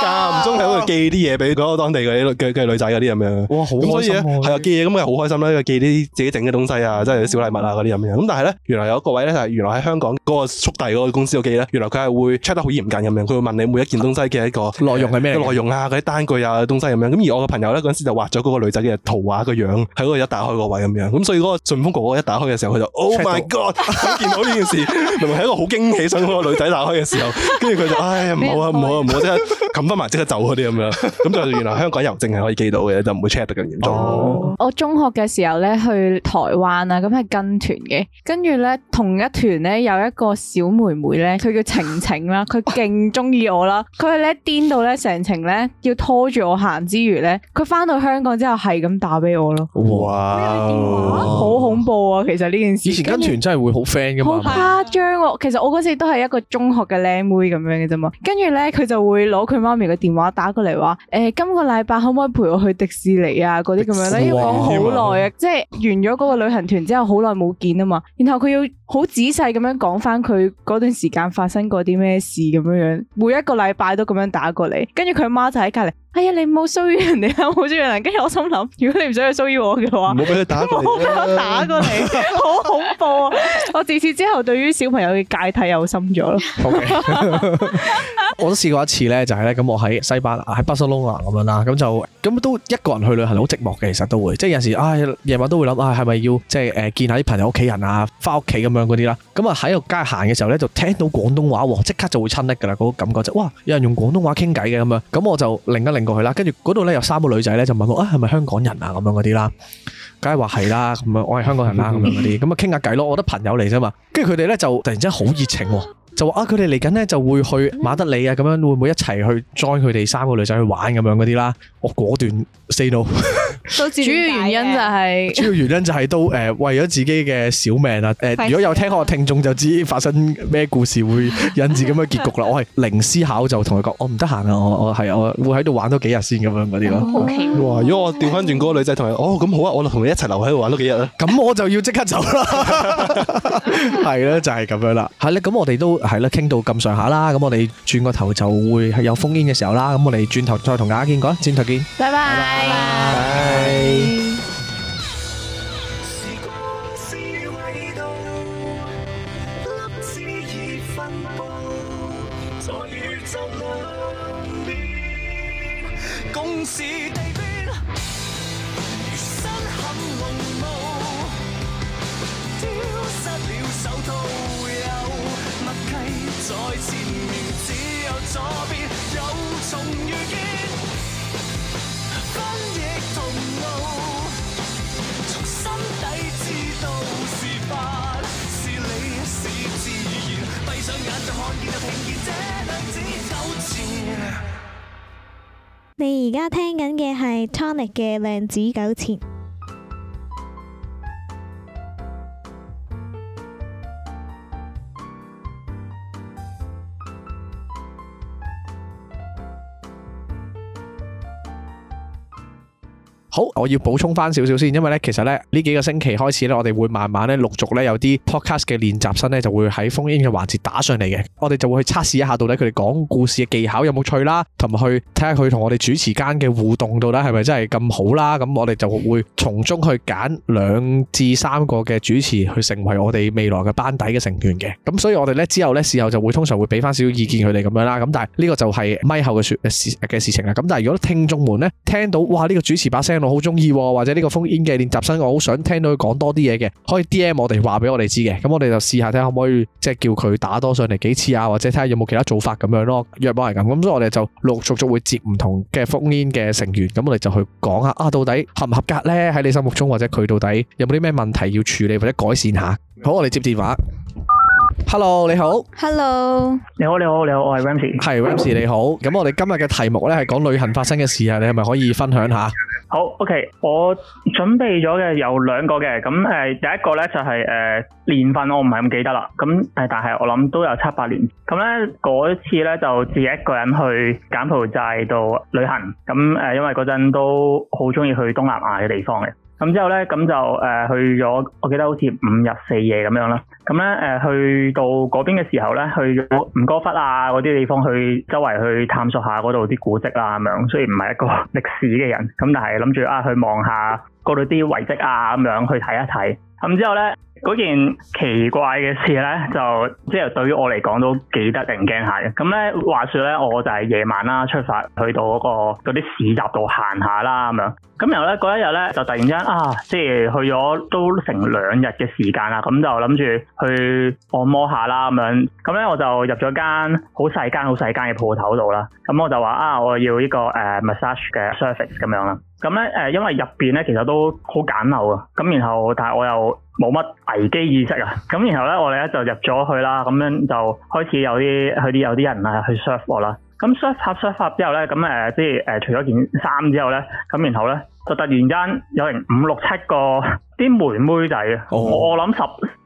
間唔中喺度寄啲嘢俾嗰個當地嘅啲嘅嘅女仔嗰啲咁樣。哇！咁所以係啊，寄嘢咁係好開心啦，寄啲自己整嘅東西啊，即係啲小禮物啊嗰啲咁樣。咁但係咧，原來有一個位咧，就係原來喺香港嗰個速遞嗰個公司度寄咧，原來佢係會 check 得好嚴格咁樣，佢會問你每一件東西嘅一,一個內容係咩內容啊，嗰啲單據啊，東西咁樣。咁而我嘅朋友咧嗰陣時就畫咗嗰個女仔嘅圖畫個樣喺嗰度一打開個位咁樣。咁所以嗰個順豐哥哥一打開嘅時候，佢就 Oh my God！見 到呢件事，明明係一個好驚喜想個女仔嘅時候，跟住佢就，哎呀，唔好啊，唔好啊，唔好即係冚翻埋即刻走嗰啲咁樣。咁就原來香港郵政係可以寄到嘅，就唔會 check 得咁嚴重。哦、我中學嘅時候咧，去台灣啊，咁係跟團嘅，跟住咧同一團咧有一個小妹妹咧，佢叫晴晴啦，佢勁中意我啦，佢係咧癲到咧成程咧要拖住我行之餘咧，佢翻到香港之後係咁打俾我咯。哇！哦、好恐怖啊，其實呢件事。以前跟團真係會好 friend 噶嘛。好誇張喎、啊！吧其實我嗰次都係一個中學。學嘅靚妹咁樣嘅啫嘛，跟住咧佢就會攞佢媽咪嘅電話打過嚟話，誒、欸、今個禮拜可唔可以陪我去迪士尼啊嗰啲咁樣咧，要講好耐啊，哇即係完咗嗰個旅行團之後好耐冇見啊嘛，然後佢要好仔細咁樣講翻佢嗰段時間發生過啲咩事咁樣樣，每一個禮拜都咁樣打過嚟，跟住佢媽就喺隔籬。哎呀，你冇騷擾人哋啊，我好鍾意人。跟住我心諗，如果你唔想去騷擾我嘅話，唔好俾佢打嚟，唔好俾我打過嚟，好 恐怖啊！我自此之後，對於小朋友嘅界睇又深咗咯。Okay. 我都試過一次咧，就係咧，咁我喺西班牙，喺巴塞隆拿咁樣啦，咁就咁都一個人去旅行，好寂寞嘅。其實都會，即係有陣時，唉、哎，夜晚都會諗，唉、啊，係咪要即係誒，見下啲朋友屋企人啊，翻屋企咁樣嗰啲啦。咁啊喺個街行嘅時候咧，就聽到廣東話喎，即刻就會親昵噶啦，嗰、嗰個感覺就是、哇，有人用廣東話傾偈嘅咁樣。咁我就零一過去啦，跟住嗰度咧，有三個女仔咧就問我啊，係咪香港人啊咁樣嗰啲啦，梗係話係啦，咁啊我係香港人啦、啊、咁樣嗰啲，咁啊傾下偈咯，我覺得朋友嚟啫嘛，跟住佢哋咧就突然之間好熱情，就話啊佢哋嚟緊咧就會去馬德里啊，咁樣會唔會一齊去 join 佢哋三個女仔去玩咁樣嗰啲啦？我果斷 say no，主要原因就係主要原因就係都誒、呃、為咗自己嘅小命啦。誒、呃，非是 如果有聽我聽眾就知發生咩故事會引致咁嘅結局啦。我係零思考就同佢講，我唔得閒啊，我我係我，我會喺度玩多幾日先咁樣嗰啲咯。如果我調翻轉嗰個女仔同佢，哦咁好啊，我同你一齊留喺度玩多幾日啊。咁我就要即刻走啦。係啦，就係、是、咁樣啦。係啦，咁我哋都係啦，傾到咁上下啦。咁我哋轉個頭就會有烽煙嘅時候啦。咁我哋轉頭再同大家講，轉拜拜拜拜。你而家聽緊嘅係 Tonic 嘅《量子糾纏》。好，我要補充翻少少先，因為咧，其實咧呢幾個星期開始咧，我哋會慢慢咧陸續咧有啲 podcast 嘅練習生咧就會喺 phone in 嘅環節打上嚟嘅，我哋就會去測試一下到底佢哋講故事嘅技巧有冇趣啦，同埋去睇下佢同我哋主持間嘅互動到底係咪真係咁好啦，咁我哋就會從中去揀兩至三個嘅主持去成為我哋未來嘅班底嘅成員嘅，咁所以我哋咧之後咧事後就會通常會俾翻少少意見佢哋咁樣啦，咁但係呢個就係咪後嘅說嘅，呃、事情啦，咁但係如果聽眾們咧聽到哇呢，這個主持把聲，我好中意，或者呢個 phone-in 嘅練習生，我好想聽到佢講多啲嘢嘅，可以 DM 我哋話俾我哋知嘅，咁我哋就試下睇可唔可以，即係叫佢打多上嚟幾次啊，或者睇下有冇其他做法咁樣咯，約碼係咁。咁所以我哋就陸陸續續會接唔同嘅 phone-in 嘅成員，咁我哋就去講下啊，到底合唔合格呢？喺你心目中或者佢到底有冇啲咩問題要處理或者改善下？好，我哋接電話。Hello，你好。Hello，你好，你好，你好，我係 Ramsey。係 Ramsey，你好。咁我哋今日嘅題目呢係講旅行發生嘅事啊，你係咪可以分享下？好，OK，我準備咗嘅有兩個嘅，咁誒、呃，第一個咧就係、是、誒、呃、年份我唔係咁記得啦，咁誒，但係我諗都有七八年，咁咧嗰一次咧就自己一個人去柬埔寨度旅行，咁誒、呃，因為嗰陣都好中意去東南亞嘅地方嘅。咁之後咧，咁就誒去咗，我記得好似五日四夜咁樣啦。咁咧誒去到嗰邊嘅時候咧，去咗吳哥窟啊嗰啲地方去周圍去探索下嗰度啲古蹟啊。咁樣。雖然唔係一個歷史嘅人，咁但係諗住啊去望下嗰度啲遺跡啊咁樣去睇一睇。咁之後咧。嗰件奇怪嘅事咧，就即係、就是、對於我嚟講都幾得人驚下嘅。咁咧，話說咧，我就係夜晚啦，出發去到嗰、那個嗰啲市集度行下啦，咁樣。咁然後咧嗰一日咧，就突然間啊，即係去咗都成兩日嘅時間啦。咁就諗住去按摩下啦，咁樣。咁咧我就入咗間好細間好細間嘅鋪頭度啦。咁我就話啊，我要呢、這個誒、uh, massage 嘅 service 咁樣啦。咁咧誒，因為入邊咧其實都好簡陋啊。咁然後，但係我又。冇乜危機意識啊，咁然後咧，我哋咧就入咗去啦，咁樣就開始有啲佢啲有啲人啊去 serve 我啦，咁 serve 客 serve 之後咧，咁誒即係誒除咗件衫之後咧，咁然後咧。就突然間有人五六七個啲妹妹仔啊！我我諗十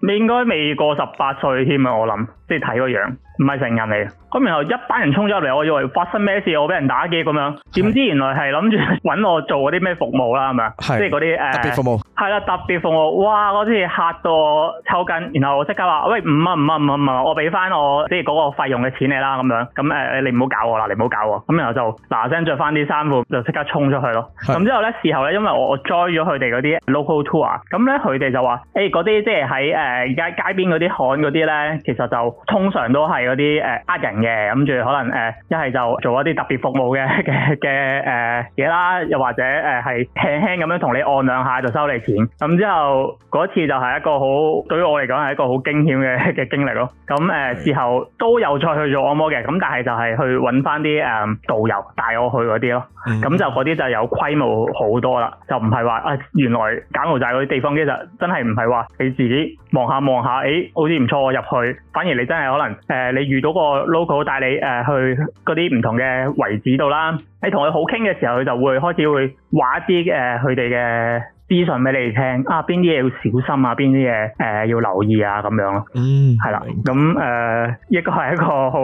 你應該未過十八歲添啊！我諗即係睇個樣，唔係成人嚟。咁然後一班人沖咗入嚟，我以為發生咩事，我俾人打劫咁樣。點知 São ida, 原來係諗住搵我做嗰啲咩服務啦，係咪？即係嗰啲誒，吧 uh, 特別服務係啦，Punch 特別服務。哇！啲真係嚇到我，我抽筋，然後我即刻話：喂，唔啊唔啊唔啊唔啊！我俾翻我即係嗰個費用嘅錢你啦，咁樣咁誒，你唔好搞我啦，你唔好搞我。咁然，然，然後就嗱嗱聲着翻啲衫褲，就即刻沖出去咯。咁之後咧。事後咧，因為我 join 咗佢哋嗰啲 local tour，咁咧佢哋就話：誒嗰啲即係喺誒而家街邊嗰啲攤嗰啲咧，其實就通常都係嗰啲誒呃人嘅，諗住可能誒一係就做一啲特別服務嘅嘅嘅誒嘢啦，又或者誒係輕輕咁樣同你按兩下就收你錢。咁之後嗰次就係一個好對於我嚟講係一個好驚險嘅嘅經歷咯。咁誒事後都有再去做按摩嘅，咁但係就係去揾翻啲誒導遊帶我去嗰啲咯。咁就嗰啲就有規模好。好多啦，就唔係話啊，原來柬埔寨嗰啲地方其實真係唔係話你自己望下望下，誒，好似唔錯，我入去。反而你真係可能誒，你遇到個 local 帶你誒去嗰啲唔同嘅位置度啦。你同佢好傾嘅時候，佢就會開始會話一啲誒，佢哋嘅資訊俾你聽啊，邊啲嘢要小心啊，邊啲嘢誒要留意啊，咁樣咯。嗯，係啦，咁誒，亦個係一個好，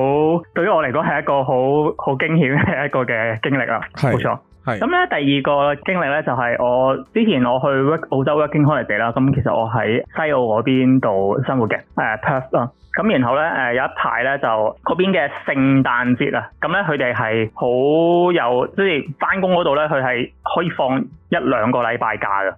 對於我嚟講係一個好好驚險嘅一個嘅經歷啦。係，冇錯。係咁咧，是第二個經歷咧就係我之前我去澳澳洲 working holiday 啦。咁其實我喺西澳嗰邊度生活嘅，誒 Perth 咯。咁、呃啊、然後咧誒、呃、有一排咧就嗰邊嘅聖誕節啊，咁咧佢哋係好有即係翻工嗰度咧，佢、就、係、是、可以放一兩個禮拜假嘅。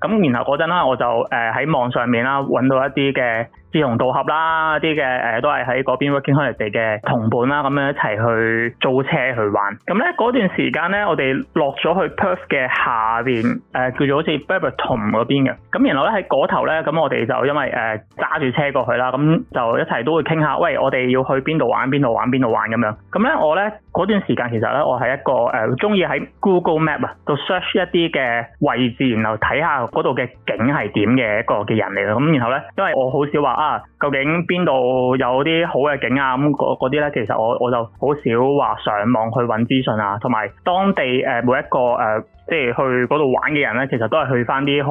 咁然後嗰陣啦，我就誒喺、呃、網上面啦揾到一啲嘅。志同道合啦，啲嘅誒都係喺嗰邊 working holiday 嘅同伴啦，咁樣一齊去租車去玩。咁咧嗰段時間咧，我哋落咗去 Perth 嘅下邊誒、呃，叫做好似 Beverton 嗰邊嘅。咁然後咧喺嗰頭咧，咁我哋就因為誒揸住車過去啦，咁就一齊都會傾下，喂，我哋要去邊度玩，邊度玩，邊度玩咁樣。咁咧我咧嗰段時間其實咧，我係一個誒中、呃、意喺 Google Map 啊，到 search 一啲嘅位置，然後睇下嗰度嘅景係點嘅一個嘅人嚟嘅。咁然後咧，因為我好少話。啊，究竟邊度有啲好嘅景啊？咁嗰啲咧，其實我我就好少話上網去揾資訊啊，同埋當地誒、呃，每一個誒。呃即係去嗰度玩嘅人咧，其實都係去返啲好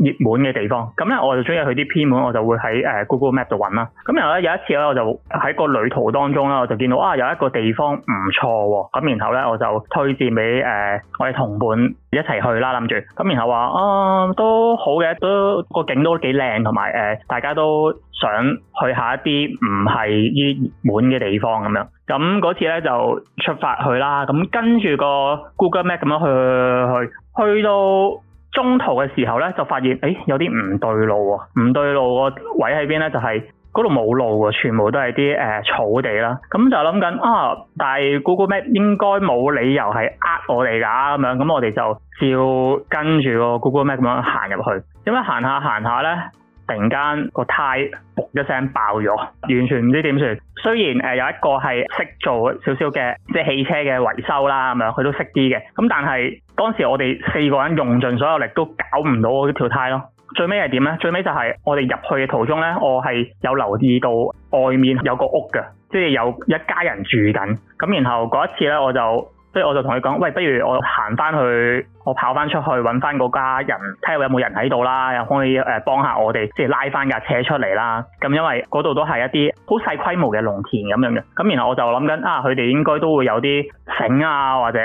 熱門嘅地方。咁咧，我就中意去啲偏門，我就會喺誒、uh, Google Map 度揾啦。咁然後咧，有一次咧，我就喺個旅途當中啦，我就見到啊有一個地方唔錯喎。咁然後咧，我就推薦俾誒、uh, 我哋同伴一齊去啦。諗住咁，然後話啊都好嘅，都個景都幾靚，同埋誒大家都想去下一啲唔係熱門嘅地方咁樣。咁嗰次咧就出發去啦，咁跟住個 Google Map 咁樣去去去，去到中途嘅時候咧就發現，誒有啲唔對路喎、啊，唔對路個位喺邊咧？就係嗰度冇路喎，全部都係啲誒草地啦。咁、嗯、就諗緊啊，但係 Google Map 應該冇理由係呃我哋㗎咁樣，咁我哋就照跟住個 Google Map 咁樣行入去，點解行下行下咧？突然間個胎噗一聲爆咗，完全唔知點算。雖然誒、呃、有一個係識做少少嘅即係汽車嘅維修啦，咁樣佢都識啲嘅。咁但係當時我哋四個人用盡所有力都搞唔到嗰條胎咯。最尾係點呢？最尾就係我哋入去嘅途中呢，我係有留意到外面有個屋㗎，即係有一家人住緊。咁然後嗰一次呢，我就。所以我就同佢講：喂，不如我行翻去，我跑翻出去揾翻嗰家人，睇下有冇人喺度啦，又可以誒幫下我哋，即係拉翻架車出嚟啦。咁因為嗰度都係一啲好細規模嘅農田咁樣嘅。咁然後我就諗緊啊，佢哋應該都會有啲繩啊，或者誒、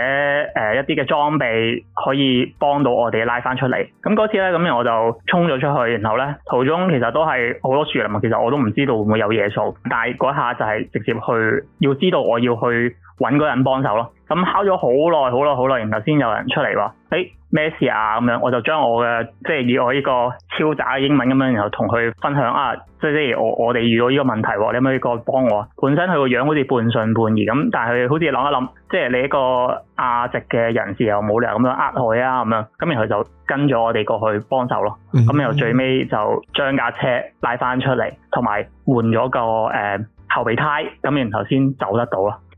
呃、一啲嘅裝備可以幫到我哋拉翻出嚟。咁嗰次咧，咁我就衝咗出去，然後咧途中其實都係好多樹林，其實我都唔知道會唔會有野獸，但係嗰下就係直接去要知道我要去揾嗰人幫手咯。咁敲咗好耐，好耐，好耐，然後先有人出嚟話：誒咩事啊？咁樣，我就將我嘅即係以我呢個超渣嘅英文咁樣，然後同佢分享啊。即係即如我我哋遇到呢個問題喎，你可唔可以過去幫我啊？本身佢個樣好似半信半疑咁，但係佢好似諗一諗，即係你一個亞籍嘅人士又冇理由咁樣呃佢啊咁樣。咁然後就跟咗我哋過去幫手咯。咁然後最尾就將架車拉翻出嚟，同埋換咗個誒後備胎，咁然後先走得到啦。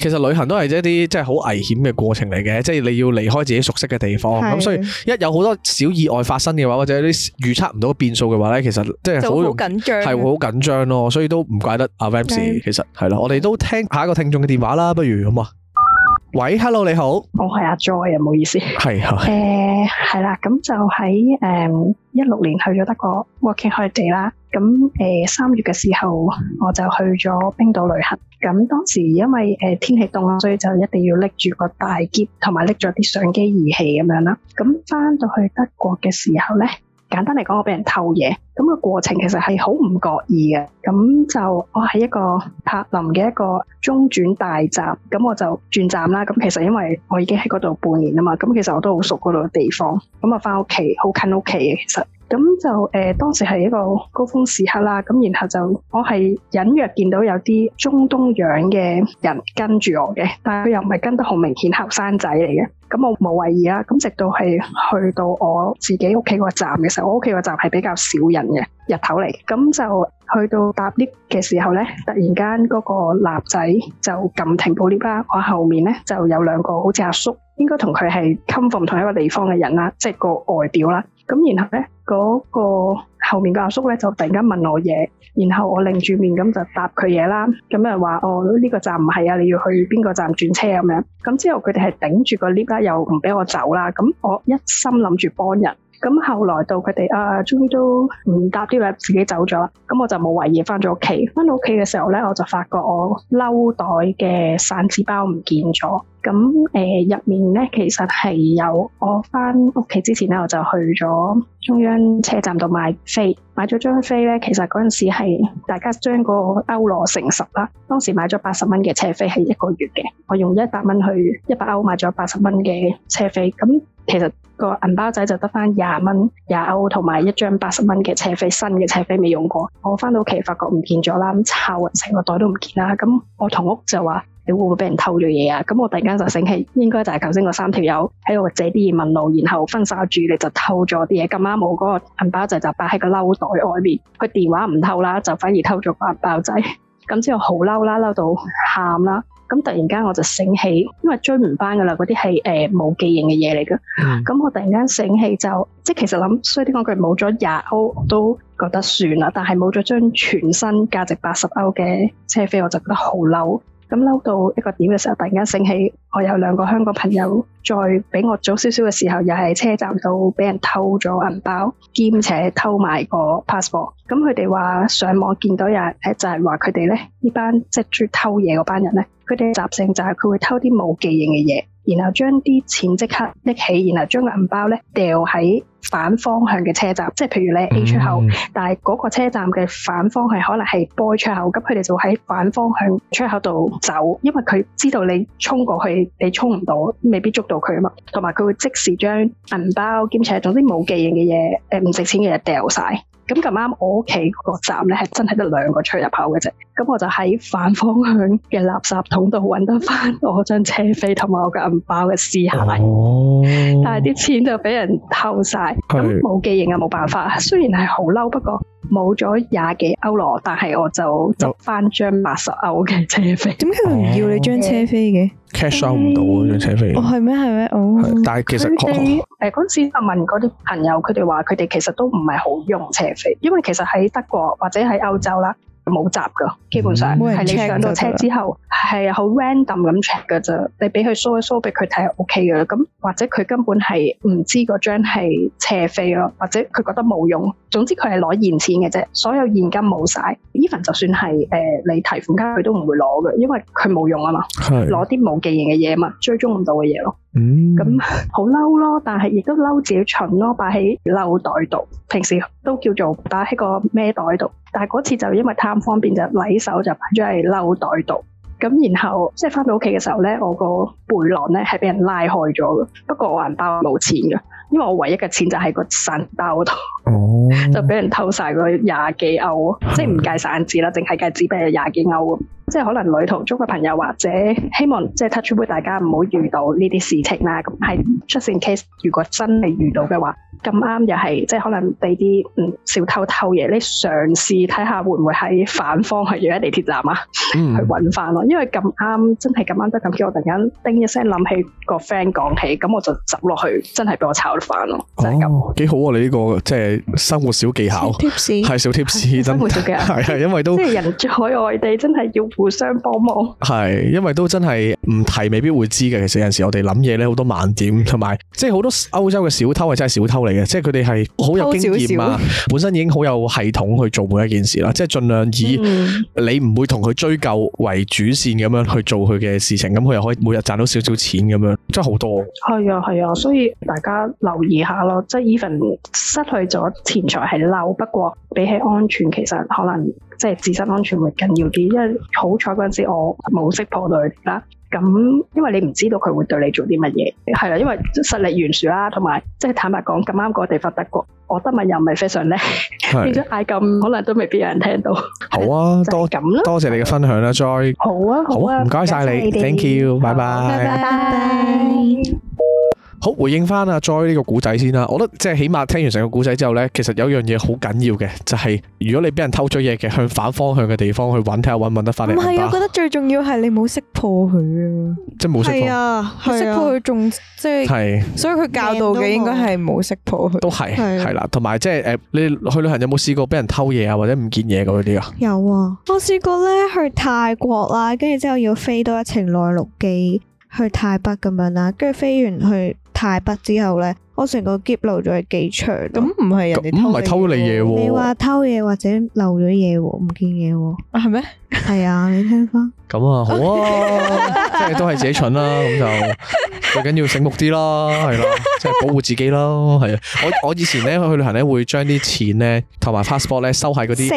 其實旅行都係一啲即係好危險嘅過程嚟嘅，即係你要離開自己熟悉嘅地方，咁是的 所以一有好多小意外發生嘅話，或者啲預測唔到變數嘅話咧，其實即係好緊張，係會好緊張咯，所以都唔怪得阿 Vance。其實係咯，我哋都聽下一個聽眾嘅電話啦，不如咁啊。好喂，Hello，你好，我係阿 Joy 啊，唔好意思，係、 呃，誒係啦，咁就喺一六年去咗德國 working 佢地啦，咁誒三月嘅時候、嗯、我就去咗冰島旅行，咁、呃、當時因為天氣凍啊，所以就一定要拎住個大篋，同埋拎咗啲相機儀器咁樣啦，咁翻到去德國嘅時候呢。簡單嚟講，我俾人偷嘢，咁個過程其實係好唔覺意嘅。咁就我喺一個柏林嘅一個中轉大站，咁我就轉站啦。咁其實因為我已經喺嗰度半年啦嘛，咁其實我都好熟嗰度嘅地方。咁啊，翻屋企好近屋企嘅其實。咁就誒、呃、當時係一個高峰時刻啦，咁然後就我係隱約見到有啲中東樣嘅人跟住我嘅，但係佢又唔係跟得好明顯，後生仔嚟嘅。咁我冇懷疑啦。咁直到係去到我自己屋企個站嘅時候，我屋企個站係比較少人嘅日頭嚟。咁就去到搭 lift 嘅時候咧，突然間嗰個男仔就撳停部 lift 啦。我後面咧就有兩個好似阿叔，應該同佢係 come from 同一個地方嘅人啦，即係個外表啦。咁然後咧。嗰個後面個阿叔咧就突然間問我嘢，然後我擰住面咁就答佢嘢啦，咁又話哦呢、這個站唔係啊，你要去邊個站轉車咁、啊、樣，咁之後佢哋係頂住個 lift 啦，又唔俾我走啦，咁我一心諗住幫人，咁後來到佢哋啊終於都唔搭 lift 自己走咗，咁我就冇懷疑返咗屋企，返到屋企嘅時候咧，我就發覺我褸袋嘅散紙包唔見咗。咁誒入面咧，其實係有我翻屋企之前咧，我就去咗中央車站度買飛，買咗張飛咧。其實嗰陣時係大家將個歐羅乘十啦，當時買咗八十蚊嘅車飛係一個月嘅。我用一百蚊去一百歐買咗八十蚊嘅車飛，咁、嗯、其實個銀包仔就得翻廿蚊廿歐同埋一張八十蚊嘅車費，新嘅車費未用過。我翻到屋企發覺唔見咗啦，咁摷勻成個袋都唔見啦。咁我同屋就話，你會唔會俾人偷咗嘢啊？咁我突然間就醒起，應該就係頭先嗰三條友喺度借啲嘢問路，然後分散住，你就偷咗啲嘢。咁啱冇嗰個銀包仔就擺喺個褸袋外面，佢電話唔偷啦，就反而偷咗個銀包仔。咁 之後好嬲啦，嬲到喊啦。咁突然間我就醒起，因為追唔翻噶啦，嗰啲係誒冇記認嘅嘢嚟嘅。咁、嗯、我突然間醒起就，即係其實諗，衰啲講句冇咗廿歐，我都覺得算啦。但係冇咗張全身價值八十歐嘅車飛，我就覺得好嬲。咁嬲到一個點嘅時候，突然間醒起，我有兩個香港朋友，再比我早少少嘅時候，又係車站度俾人偷咗銀包，兼且偷埋個 passport。咁佢哋話上網見到有人，誒就係話佢哋咧呢班即係專偷嘢嗰班人咧，佢哋習性就係佢會偷啲冇記認嘅嘢，然後將啲錢即刻拎起，然後將銀包咧掉喺。反方向嘅車站，即係譬如你喺 A 出口，嗯、但係嗰個車站嘅反方向可能係 B 出口，咁佢哋就喺反方向出口度走，因為佢知道你衝過去，你衝唔到，未必捉到佢啊嘛。同埋佢會即時將銀包兼且總之冇記認嘅嘢，誒唔值錢嘅嘢掉晒。咁咁啱，我屋企個站咧係真係得兩個出入口嘅啫。咁我就喺反方向嘅垃圾桶度揾得翻我張車飛同埋我嘅銀包嘅絲鞋。哦，但係啲錢就俾人偷晒。咁冇記性啊，冇辦法。雖然係好嬲，不過冇咗廿幾歐羅，但係我就執翻張八十歐嘅車飛。點解佢唔要你張車飛嘅？cash 唔到張車飛。哦係咩係咩哦？但係其實誒，嗰陣時我問嗰啲朋友，佢哋話佢哋其實都唔係好用車飛，因為其實喺德國或者喺歐洲啦。冇閘噶，基本上係、嗯、你上到車之後，係好 random 咁 check 噶啫。你俾佢 show 一 show 俾佢睇係 OK 噶啦。咁或者佢根本係唔知嗰張係斜飛咯，或者佢覺得冇用。總之佢係攞現錢嘅啫，所有現金冇晒。Even 就算係誒你提款卡，佢都唔會攞嘅，因為佢冇用啊嘛，攞啲冇記型嘅嘢嘛，追蹤唔到嘅嘢咯。嗯，咁好嬲咯，但係亦都嬲自己蠢咯，擺喺褸袋度。平時都叫做擺喺個孭袋度，但係嗰次就因為貪方便就喺手就擺咗喺褸袋度。咁然後即係返到屋企嘅時候咧，我個背囊咧係俾人拉開咗嘅。不過我銀包冇錢噶，因為我唯一嘅錢就喺個散包度。哦， 就俾人偷晒嗰廿幾歐，嗯、即係唔計散紙啦，淨係計紙幣廿幾歐。即係可能旅途中嘅朋友，或者希望即係 touch wood，大家唔好遇到呢啲事情啦。咁係出現 case，如果真係遇到嘅話，咁啱又係即係可能俾啲嗯小偷偷嘢。你嘗試睇下會唔會喺反方去約喺地鐵站啊？嗯，去揾翻咯。因為咁啱真係咁啱得咁，叫我突然間叮一聲諗起個 friend 講起，咁我就走落去，真係俾我炒得返咯，就係咁。幾好啊！你呢個即係生活小技巧，小貼士，係小貼士真係因為都即係人在外地真係要。互相幫忙，係因為都真係唔提，未必會知嘅。其實有陣時我哋諗嘢咧，好多盲點，同埋即係好多歐洲嘅小偷係真係小偷嚟嘅，即係佢哋係好有經驗啊，點點本身已經好有系統去做每一件事啦，即係盡量以、嗯、你唔會同佢追究為主線咁樣去做佢嘅事情，咁佢又可以每日賺到少少錢咁樣，真係好多。係啊，係啊，所以大家留意下咯，即係 even 失去咗錢財係嬲，不過比起安全，其實可能。即係自身安全會緊要啲，因為好彩嗰陣時我冇識破到佢啦。咁因為你唔知道佢會對你做啲乜嘢，係啦，因為實力懸殊啦，同埋即係坦白講，咁啱個地方德國，我德文又唔係非常叻，變咗嗌咁，可能都未必有人聽到。好啊，多咁啦，多謝你嘅分享啦，再好啊，好啊，唔該晒你，thank you，拜拜。好回應翻阿 j o y 呢個古仔先啦，我覺得即係起碼聽完成個古仔之後咧，其實有樣嘢好緊要嘅，就係、是、如果你俾人偷咗嘢嘅，向反方向嘅地方去揾，睇下揾唔揾得翻你唔係啊，是巴我覺得最重要係你冇識破佢啊，即係冇識破啊，你、就是、是識破佢仲即係，係所以佢教導嘅應該係冇識破佢。都係係啦，同埋即係誒，你去旅行有冇試過俾人偷嘢啊，或者唔見嘢嗰啲啊？有啊，我試過咧去泰國啦，跟住之後要飛多一程內陸機去泰北咁樣啦，跟住飛完去。泰北之後呢，我、那、成個 keep 留咗係幾長，咁唔係人哋偷，偷你嘢，你話偷嘢或者漏咗嘢喎，唔見嘢喎，係咩是嗎？係 啊，你聽翻。咁啊，好啊， 即係都係自己蠢、啊、啦，咁就最緊要醒目啲咯，係咯，即係保護自己咯，係啊。我我以前咧去旅行咧，會將啲錢咧同埋 passport 咧收喺嗰啲，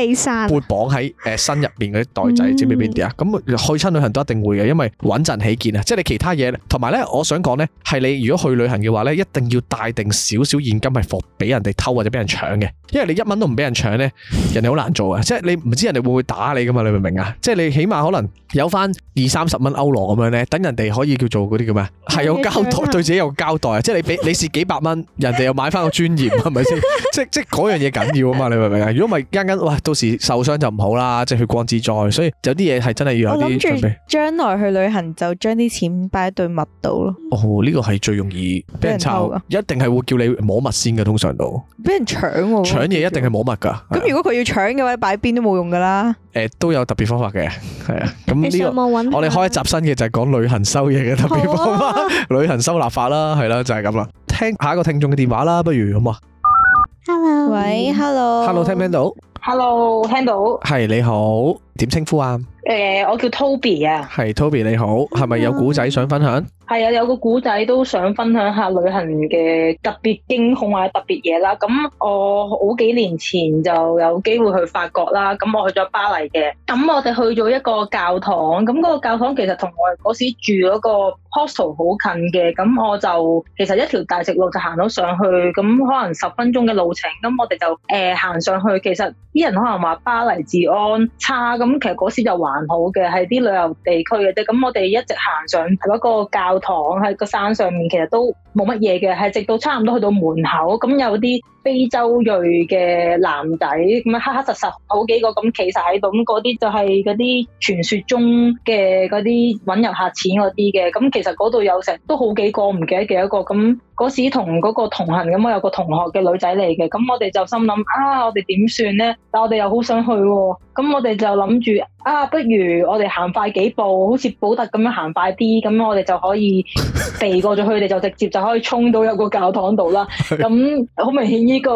會綁喺誒身入邊嗰啲袋仔，三知唔知邊啲啊？咁、嗯、去親旅行都一定會嘅，因為穩陣起見啊。即係你其他嘢，同埋咧，我想講咧係你如果去旅行嘅話咧，一定要帶定少少現金，係防俾人哋偷或者俾人搶嘅，因為你一蚊都唔俾人搶咧，人哋好難做啊，即係你唔知人哋會唔會打你噶嘛？你明唔明啊？即係你起碼可能有。翻二三十蚊歐羅咁樣咧，等人哋可以叫做嗰啲叫咩？係有交代，對自己有交代， 即係你俾你蝕幾百蚊， 人哋又買翻個尊嚴，係咪？先？即即嗰樣嘢緊要啊嘛？你明唔明啊？如果唔係，啱啱哇，到時受傷就唔好啦，即係血光之災。所以有啲嘢係真係要有啲準備。將來去旅行就將啲錢擺喺對襪度咯。哦，呢、這個係最容易俾人抄，人一定係會叫你摸襪先嘅，通常都。俾人搶？搶嘢一定係摸襪噶。咁如果佢要搶嘅話，擺邊都冇用噶啦。誒、欸，都有特別方法嘅，係啊，咁。我哋開一集新嘅就係講旅行收嘢嘅特別方法，好啊、 旅行收納法啦，係啦就係咁啦。聽下一個聽眾嘅電話啦，不如好啊 Hello,。Hello，喂，Hello，Hello，聽唔聽到？Hello，聽到，係你好。點稱呼啊？誒、呃，我叫 Toby 啊。係 Toby，你好，係咪有古仔想分享？係啊，有個古仔都想分享下旅行嘅特別驚恐啊，特別嘢啦。咁我好幾年前就有機會去法國啦。咁我去咗巴黎嘅。咁我哋去咗一個教堂。咁、那、嗰個教堂其實同我嗰時住嗰個 hostel 好近嘅。咁我就其實一條大直路就行到上去。咁可能十分鐘嘅路程。咁我哋就誒行、呃、上去。其實啲人可能話巴黎治安差咁。咁其實嗰時就還好嘅，係啲旅遊地區嘅啫。咁我哋一直行上一個教堂喺個山上面，其實都冇乜嘢嘅。係直到差唔多去到門口，咁有啲非洲裔嘅男仔咁啊，黑黑實實好幾個咁企曬喺度。咁嗰啲就係嗰啲傳說中嘅嗰啲揾遊客錢嗰啲嘅。咁其實嗰度有成都好幾個，唔記得幾多個咁。嗰時同嗰個同行咁，我有個同學嘅女仔嚟嘅，咁我哋就心諗啊，我哋點算咧？但我哋又好想去喎、啊，咁我哋就諗住啊，不如我哋行快幾步，好似保特咁樣行快啲，咁我哋就可以避過咗佢哋， 就直接就可以衝到有個教堂度啦。咁好 明顯呢個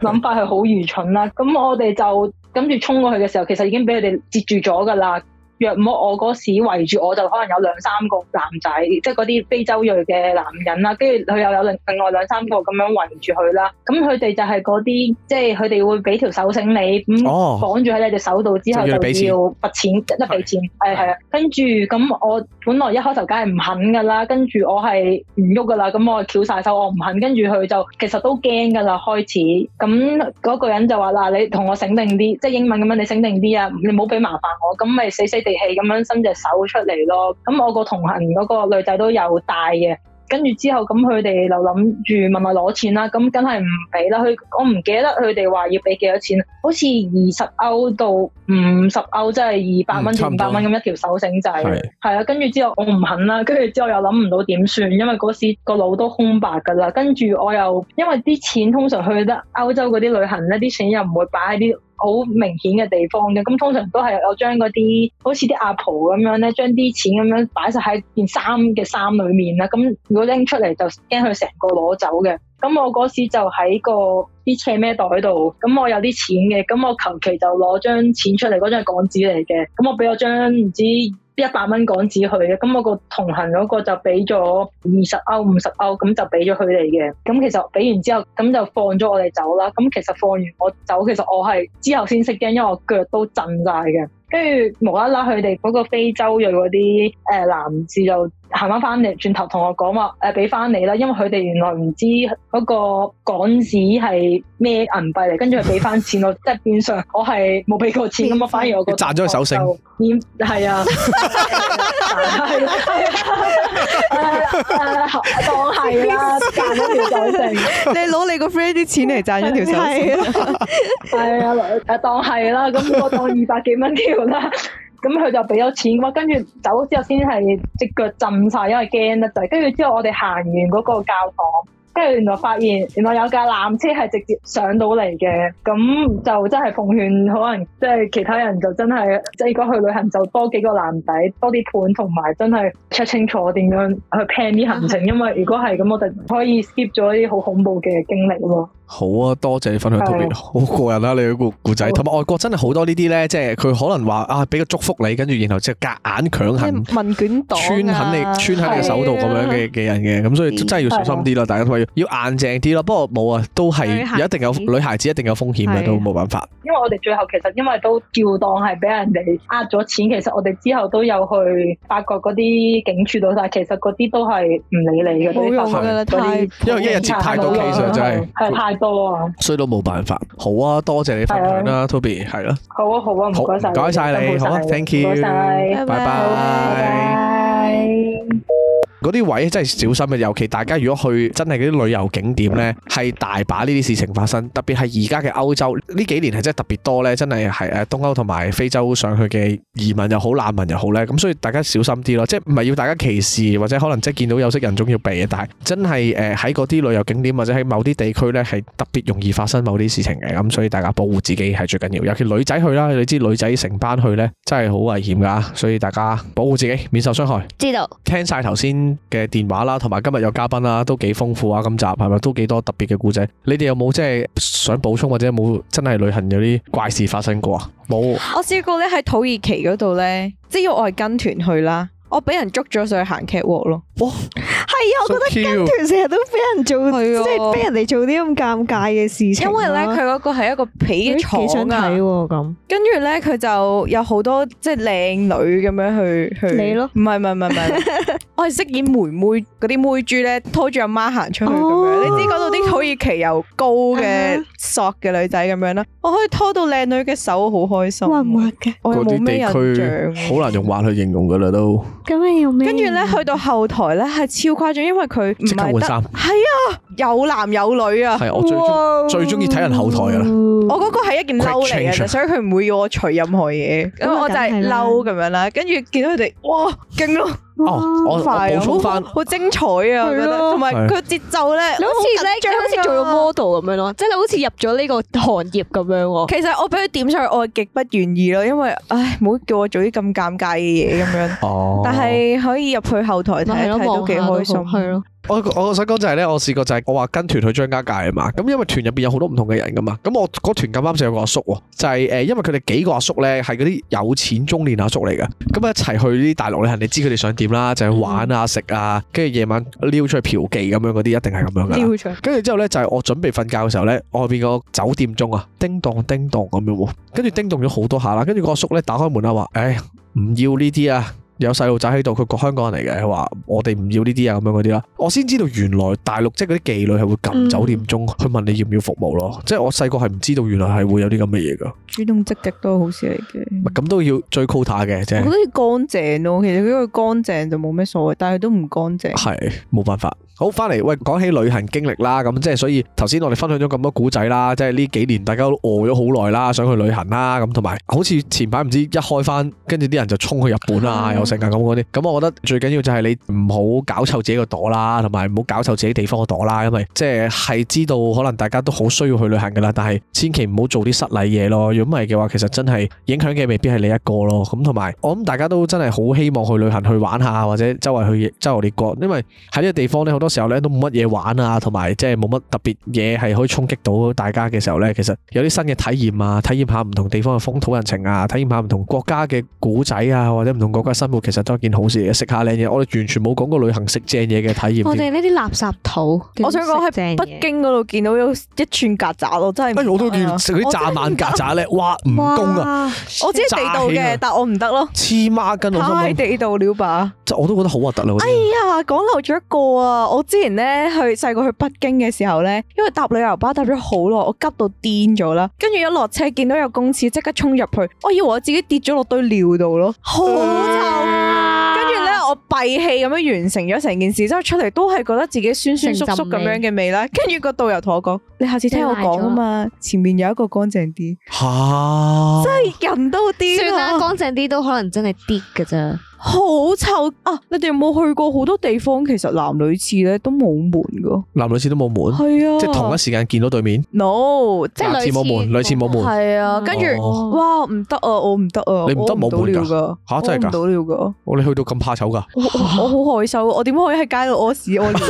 諗法係好愚蠢啦。咁我哋就諗住衝過去嘅時候，其實已經俾佢哋截住咗㗎啦。若冇我嗰時圍住我，就可能有兩三個男仔，即係嗰啲非洲裔嘅男人啦。跟住佢又有另另外兩三個咁樣圍住佢啦。咁佢哋就係嗰啲，即係佢哋會俾條手繩你咁、哦、綁住喺你隻手度，之後就要罰錢，一粒俾錢。係啊係啊。跟住咁我本來一開頭梗係唔肯㗎啦。跟住我係唔喐㗎啦。咁我係翹曬手，我唔肯。跟住佢就其實都驚㗎啦。開始咁嗰個人就話嗱，你同我醒定啲，即係英文咁樣，你醒定啲啊！你唔好俾麻煩我。咁咪死死地。咁樣伸隻手出嚟咯咁我個同行嗰個女仔都有帶嘅，跟住之後咁佢哋就諗住問問攞錢啦，咁梗係唔俾啦。佢我唔記得佢哋話要俾幾多錢，好似二十歐到五十歐，即係二百蚊至五百蚊咁一條手繩仔。係、嗯，啊。跟住係之後我唔肯啦，跟住之後又諗唔到點算，因為嗰時個腦都空白噶啦。跟住我又因為啲錢通常去得歐洲嗰啲旅行咧，啲錢又唔會擺喺啲。好明顯嘅地方嘅，咁通常都係有將嗰啲好似啲阿婆咁樣咧，將啲錢咁樣擺晒喺件衫嘅衫裏面啦。咁如果拎出嚟就驚佢成個攞走嘅。咁我嗰時就喺個啲斜孭袋度，咁我有啲錢嘅，咁我求其就攞張錢出嚟，嗰張係港紙嚟嘅，咁我俾咗張唔知一百蚊港紙佢嘅，咁我個同行嗰個就俾咗二十歐、五十歐，咁就俾咗佢哋嘅。咁其實俾完之後，咁就放咗我哋走啦。咁其實放完我走，其實我係之後先識驚，因為我腳都震晒嘅。跟住無啦啦，佢哋嗰個非洲裔嗰啲誒男士就～行翻翻嚟，轉頭同我講話，誒、啊，俾翻你啦，因為佢哋原來唔知嗰個港紙係咩銀幣嚟，跟住佢俾翻錢我，即係 變相我係冇俾過錢，咁我反而我賺咗條手繩，係啊，係 啊，啊，啊，啊，當係啦，賺咗條手繩，你攞你個 friend 啲錢嚟賺咗條手繩，係啊，誒、啊 啊，當係啦，咁我當二百幾蚊條啦。咁佢、嗯、就俾咗錢嘅，跟住走咗之後先係隻腳震晒，因為驚得滯。跟住之後，我哋行完嗰個教堂，跟住原來發現原來有架纜車係直接上到嚟嘅。咁就真係奉勸，可能即係其他人就真係，即係如果去旅行就多幾個男仔，多啲伴同埋，真係 check 清楚點樣去 plan 啲行程，因為如果係咁，我哋就可以 skip 咗啲好恐怖嘅經歷咯。好啊，多謝你分享特別好過癮啦，你個故仔，同埋外國真係好多呢啲咧，即係佢可能話啊，俾個祝福你，跟住然後即係隔硬強行問卷黨，穿喺你穿喺個手度咁樣嘅嘅人嘅，咁所以真係要小心啲咯，大家要要硬淨啲咯。不過冇啊，都係一定有女孩子一定有風險嘅，都冇辦法。因為我哋最後其實因為都照當係俾人哋呃咗錢，其實我哋之後都有去法國嗰啲警處度，但其實嗰啲都係唔理你嘅，冇用㗎，因為一日接太多其實真係係太。多啊，衰到冇辦法。好啊，多謝你分享啦，Toby，係咯。Toby，好啊，好啊，唔該晒。唔該曬你，好啊，Thank you，拜拜。嗰啲位真係小心啊！尤其大家如果去真係嗰啲旅遊景點呢，係大把呢啲事情發生。特別係而家嘅歐洲呢幾年係真係特別多呢，真係係誒東歐同埋非洲上去嘅移民又好，難民又好呢。咁所以大家小心啲咯，即係唔係要大家歧視或者可能即係見到有色人種要避啊。但係真係誒喺嗰啲旅遊景點或者喺某啲地區呢，係特別容易發生某啲事情嘅。咁所以大家保護自己係最緊要，尤其女仔去啦，你知女仔成班去呢，真係好危險噶。所以大家保護自，自己，免受傷害。知道，聽晒頭先。嘅電話啦，同埋今日有嘉賓啦，都幾豐富啊！今集係咪都幾多特別嘅故仔？你哋有冇即係想補充或者冇真係旅行有啲怪事發生過啊？冇，我試過咧，喺土耳其嗰度咧，只要我係跟團去啦，我俾人捉咗上去行 catwalk 咯。我覺得跟團成日都俾人做，即係俾人哋做啲咁尷尬嘅事情。因為咧，佢嗰個係一個皮嘅牀噶，咁跟住咧，佢就有好多即係靚女咁樣去去。你咯？唔係，唔係，唔係，我係飾演妹妹嗰啲妹豬咧，拖住阿媽行出去咁樣。你知嗰度啲土耳其又高嘅索嘅女仔咁樣啦，我可以拖到靚女嘅手，好開心。滑嘅，我冇咩印象，好難用滑去形容噶啦都。咁你用咩？跟住咧，去到後台咧，係超誇。仲因為佢唔係換衫，係啊，有男有女啊，係、啊、我最哇最中意睇人後台噶啦。哇我嗰個係一件褸嚟嘅，changer 所以佢唔會要我除任何嘢。咁我就係褸咁樣啦，跟住見到佢哋，哇，勁咯！ 哦，快啊哇我！好精彩啊，同埋佢節奏咧，啊啊、你好似咧，最好似做咗 model 咁樣咯，即係你好似、啊、入咗呢個行業咁樣、啊。其實我俾佢點上去，我係極不願意咯，因為唉，唔好叫我做啲咁尷尬嘅嘢咁樣。哦，但係可以入去後台睇睇 都幾開心，係咯。我我想講就係咧，我試過就係我話跟團去張家界啊嘛，咁因為團入邊有好多唔同嘅人噶嘛，咁我嗰團咁啱就有個阿叔，就係誒，因為佢哋幾個阿叔咧係嗰啲有錢中年阿叔嚟嘅，咁一齊去啲大陸旅行，你知佢哋想點啦，就係玩啊食啊，跟住夜晚撩出去嫖妓咁樣嗰啲，一定係咁樣嘅。跟住之後咧就係我準備瞓覺嘅時候咧，外邊個酒店鐘啊，叮噹叮噹咁樣，跟住叮噹咗好多下啦，跟住個阿叔咧打開門咧話，誒唔要呢啲啊。有細路仔喺度，佢個香港人嚟嘅，佢話我哋唔要呢啲啊咁樣嗰啲啦，我先知道原來大陸即係嗰啲妓女係會撳酒店鐘、嗯、去問你要唔要服務咯，即係我細個係唔知道原來係會有啲咁嘅嘢㗎。主動積極都好事嚟嘅，咁都要追 quota 嘅即係。我覺得要乾淨咯，哦，其實因為乾淨就冇咩所謂，但係都唔乾淨，係冇辦法。好，返嚟喂，講起旅行經歷啦，咁即係所以頭先我哋分享咗咁多古仔啦，即係呢幾年大家都餓咗好耐啦，想去旅行啦，咁同埋好似前排唔知一開返，跟住啲人就衝去日本啦。咁啲，咁、嗯、我覺得最緊要就係你唔好搞臭自己個朵啦，同埋唔好搞臭自己地方個朵啦，因為即係係知道可能大家都好需要去旅行噶啦，但係千祈唔好做啲失禮嘢咯。如果唔係嘅話，其實真係影響嘅未必係你一個咯。咁同埋我諗大家都真係好希望去旅行去玩下，或者周圍去周遊列國，因為喺呢個地方咧好多時候咧都冇乜嘢玩啊，同埋即係冇乜特別嘢係可以衝擊到大家嘅時候咧，其實有啲新嘅體驗啊，體驗下唔同地方嘅風土人情啊，體驗下唔同國家嘅古仔啊，或者唔同國家嘅新。其實都係件好事嚟，食下靚嘢。我哋完全冇講過旅行食正嘢嘅體驗。我哋呢啲垃圾土，我想講喺北京嗰度見到有一串曱甴咯，真係。哎我都見食啲炸萬曱甴咧，哇蜈蚣啊！我知地道嘅，但我唔得咯。黐孖筋，我真係地道了吧？即我都覺得好核突啦。哎呀，講漏咗一個啊！我之前咧去細個去北京嘅時候咧，因為搭旅遊巴搭咗好耐，我急到癲咗啦。跟住一落車見到有公廁，即刻衝入去，我以為我自己跌咗落堆尿度咯，好我閉氣咁樣完成咗成件事，之後出嚟都係覺得自己酸酸縮縮咁樣嘅味啦，跟住 個導遊同我講。你下次聽我講啊嘛，前面有一個乾淨啲，吓，真係人都啲，算啦，乾淨啲都可能真係啲噶咋，好臭啊！你哋有冇去過好多地方？其實男女廁咧都冇門噶，男女廁都冇門，係啊，即係同一時間見到對面，no，即係女廁冇門，女廁冇門，係啊，跟住哇，唔得啊，我唔得啊，你唔得冇門噶，吓真係噶，到了噶，我哋去到咁怕醜噶，我好害羞，我點可以喺街度屙屎屙尿？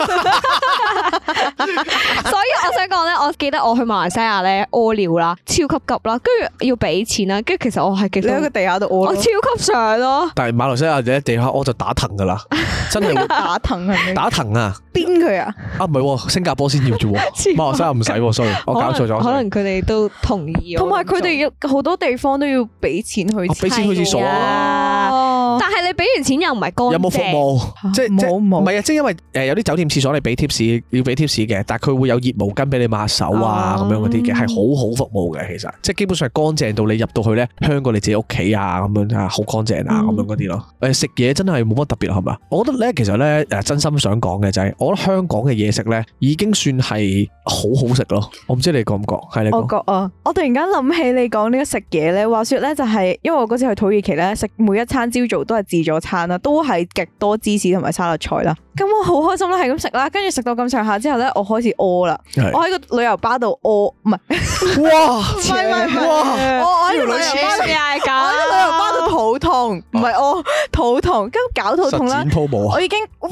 所以我想講咧，我記得我去馬來西亞咧屙尿啦，超級急啦，跟住要俾錢啦，跟住其實我係記得喺個地下度屙咯，我超級想咯。但係馬來西亞你喺地下屙就打藤噶啦， 真係打藤啊！打藤啊！邊佢啊？啊，唔係，新加坡先要咋，馬來西亞唔使，sorry，我搞錯咗。可能佢哋都同意。同埋佢哋要好多地方都要俾錢去、啊，俾錢去廁所啊。但係你俾完錢又唔係乾淨，有冇服務？即係即係唔係啊！即係因為誒、呃、有啲酒店廁所你俾貼士，要俾貼士嘅，但係佢會有熱毛巾俾你抹手啊，咁、啊、樣嗰啲嘅係好好服務嘅。其實即係基本上係乾淨到你入到去咧，香過你自己屋企啊，咁樣啊，好乾淨啊，咁樣嗰啲咯。誒食嘢真係冇乜特別係咪？我覺得咧，其實咧，誒真心想講嘅就係，我覺得香港嘅嘢食咧已經算係好好食咯。我唔知你覺唔覺，係你覺啊？我覺啊！是我突然間諗起你講呢個食嘢咧，話説咧就係、是、因為我嗰次去土耳其咧食每一餐朝早。都係自助餐啦，都係極多芝士同埋沙律菜啦。咁我好開心啦，係咁食啦，跟住食到咁上下之後咧，我開始屙啦。我喺個旅遊巴度屙，唔係，哇！唔係唔係，我喺個旅遊巴度屙，我喺個旅遊巴度肚痛，唔係屙，肚痛，跟住絞肚痛啦。我已經哇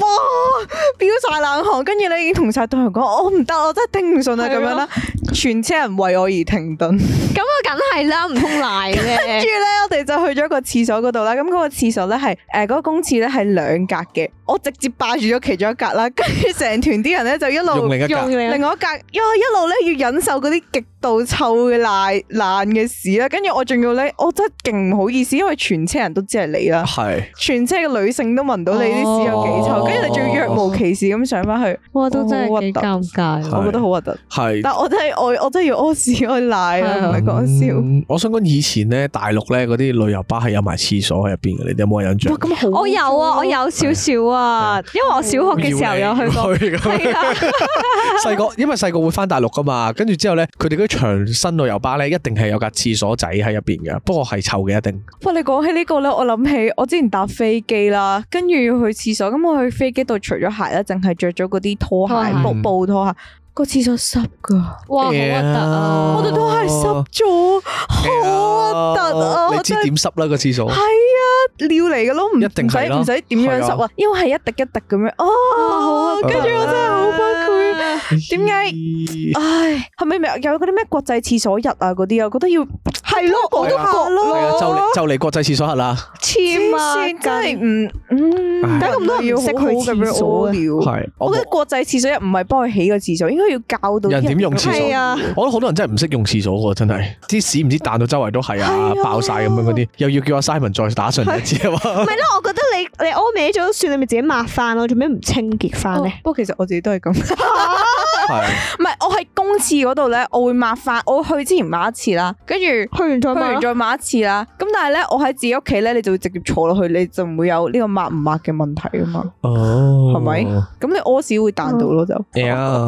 飆晒冷汗，跟住咧已經同晒導遊講，我唔得，我真係頂唔順啦咁樣啦。全車人為我而停頓，咁啊，梗係啦，唔通賴咩？跟住咧，我哋就去咗個廁所嗰度啦。咁、那、嗰個廁所咧係誒嗰個公廁咧係兩格嘅，我直接霸住咗其中一格啦，跟住成團啲人咧就一路用另一格，另外一格呀，一路咧要忍受嗰啲極度臭嘅瀨爛嘅屎啦，跟住我仲要咧，我真係勁唔好意思，因為全車人都知係你啦，全車嘅女性都聞到你啲屎有幾臭，跟住你仲要若無其事咁上翻去，哇，都真係好尷尬，我覺得好核突，係，但我真係我我真係要屙屎去瀨啊，同你講笑。我想講以前咧，大陸咧嗰啲旅遊巴係有埋廁所喺入邊嘅，你有冇印象？我有啊，我有少少啊，因為小學嘅時候有去過，細個，因為細個會返大陸噶嘛，跟住之後咧，佢哋嗰啲長身旅遊巴咧，一定係有架廁所仔喺入邊嘅，不過係臭嘅一定。哇，你講起呢個咧，我諗起我之前搭飛機啦，跟住要去廁所，咁我去飛機度除咗鞋啦，淨係着咗嗰啲拖鞋布布拖鞋， 嗯，那個廁所濕噶，哇，好核突啊！Yeah, 我對拖鞋濕咗，yeah, 好核突啊！你知點濕啦？個廁所尿嚟嘅咯，唔一定使唔使點樣濕啊，因為係一滴一滴咁樣。哦，好啊，跟住我真係好崩潰。點解？唉，係咪咪有嗰啲咩國際廁所日啊？嗰啲啊，覺得要係咯，我都覺咯。就嚟就嚟國際廁所日啦。黐線噶，唔唔，點解咁多人唔識去廁所啊？我覺得國際廁所日唔係幫佢起個廁所，應該要教到人點用廁所。係啊，我覺得好多人真係唔識用廁所喎，真係啲屎唔知彈到周圍都係啊，爆晒咁樣嗰啲，又要叫阿 Simon 再打上。唔係咯，我覺得你你污蔑咗算，你咪自己抹翻咯，做咩唔清潔翻咧？不過、哦、其實我自己都係咁。係，唔係我喺公廁嗰度咧，我會抹翻，我去之前抹一次啦，跟住去完再抹完再抹一次啦。咁但係咧，我喺自己屋企咧，你就會直接坐落去，你就唔會有呢個抹唔抹嘅問題㗎嘛。哦，係咪？咁你屙屎會彈到咯就。係啊，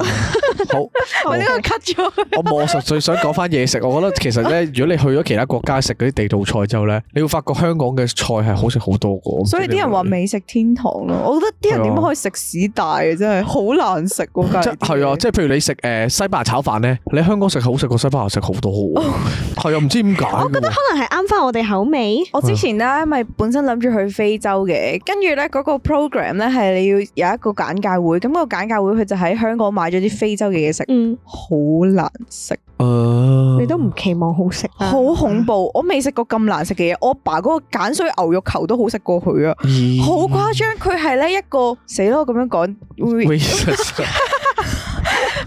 好。我呢個 cut 咗。我望實最想講翻嘢食，我覺得其實咧，如果你去咗其他國家食嗰啲地道菜之後咧，你會發覺香港嘅菜係好食好多㗎喎。所以啲人話美食天堂咯，我覺得啲人點可以食屎大啊？真係好難食。即係啊，即譬如你食誒西班牙炒飯咧，你喺香港食好食過西班牙食好多喎。係啊、哦，唔知點解。我覺得可能係啱翻我哋口味。我之前咧因為本身諗住去非洲嘅，跟住咧嗰個 program 咧係你要有一個簡介會，咁、嗰個簡介會佢就喺香港買咗啲非洲嘅嘢食，好難食。哦，嗯、你都唔期望好食，好、嗯、恐怖！我未食過咁難食嘅嘢，我爸嗰個鹼水牛肉球都好食過佢啊，好誇張！佢係咧一個死咯咁樣講。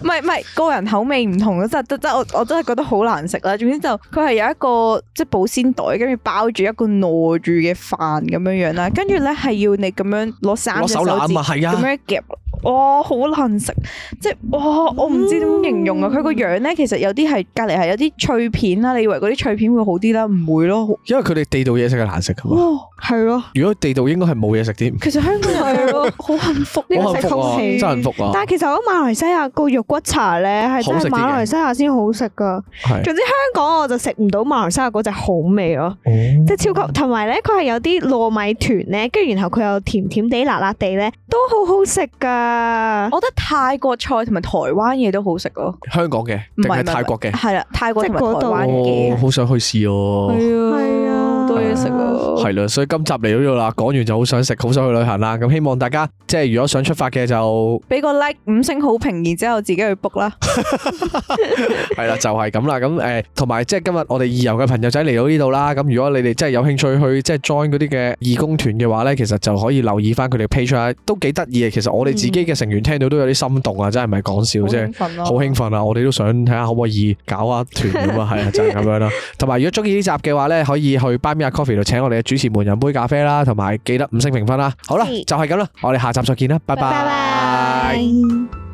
唔係唔係個人口味唔同咯，真我我真真我我都係覺得好難食啦。總之就佢係有一個即係保鮮袋，跟住包住一個內住嘅飯咁樣樣啦，跟住咧係要你咁樣攞三隻手指咁樣夾，哇好難食！即係哇，我唔知點形容啊。佢個、嗯、樣咧，其實有啲係隔離係有啲脆片啦。你以為嗰啲脆片會好啲啦？唔會咯，因為佢哋地道嘢食係難食噶嘛。係咯，哦、如果地道應該係冇嘢食添。其實香港人係好幸福，好幸福，真係幸福啊！真、真但係其實我覺得馬來西亞個肉骨茶咧，係真係馬來西亞先好食噶。係總之香港我就食唔到馬來西亞嗰隻好味咯，哦、即係超級。同埋咧，佢係有啲糯米團咧，跟住然後佢又甜甜地、辣辣地咧，都好好食噶。我覺得泰國菜同埋台灣嘢都好食咯。香港嘅唔係泰國嘅，係啦泰國同埋台灣嘅。我好、哦、想去試哦。係啊。係啦吃了，所以今集嚟到呢度啦，講完就好想食，好想去旅行啦。咁希望大家即係如果想出發嘅就俾個 like 五星好評，然之後自己去 book 啦。係啦，就係咁啦。咁誒，同埋即係今日我哋義遊嘅朋友仔嚟到呢度啦。咁如果你哋真係有興趣去即係 join 嗰啲嘅義工團嘅話咧，其實就可以留意翻佢哋 page，都幾得意嘅。其實我哋自己嘅成員聽到都有啲心動啊，真係唔係講笑，即係好興奮咯，好興奮啊！我哋都想睇下可唔可以搞下團咁啊，係啊， 就係咁樣啦。同埋如果中意呢集嘅話咧，可以去班就請我哋嘅主持門人杯咖啡啦，同埋記得五星評分啦。是的 好啦，就係咁啦，我哋下集再見啦，拜拜。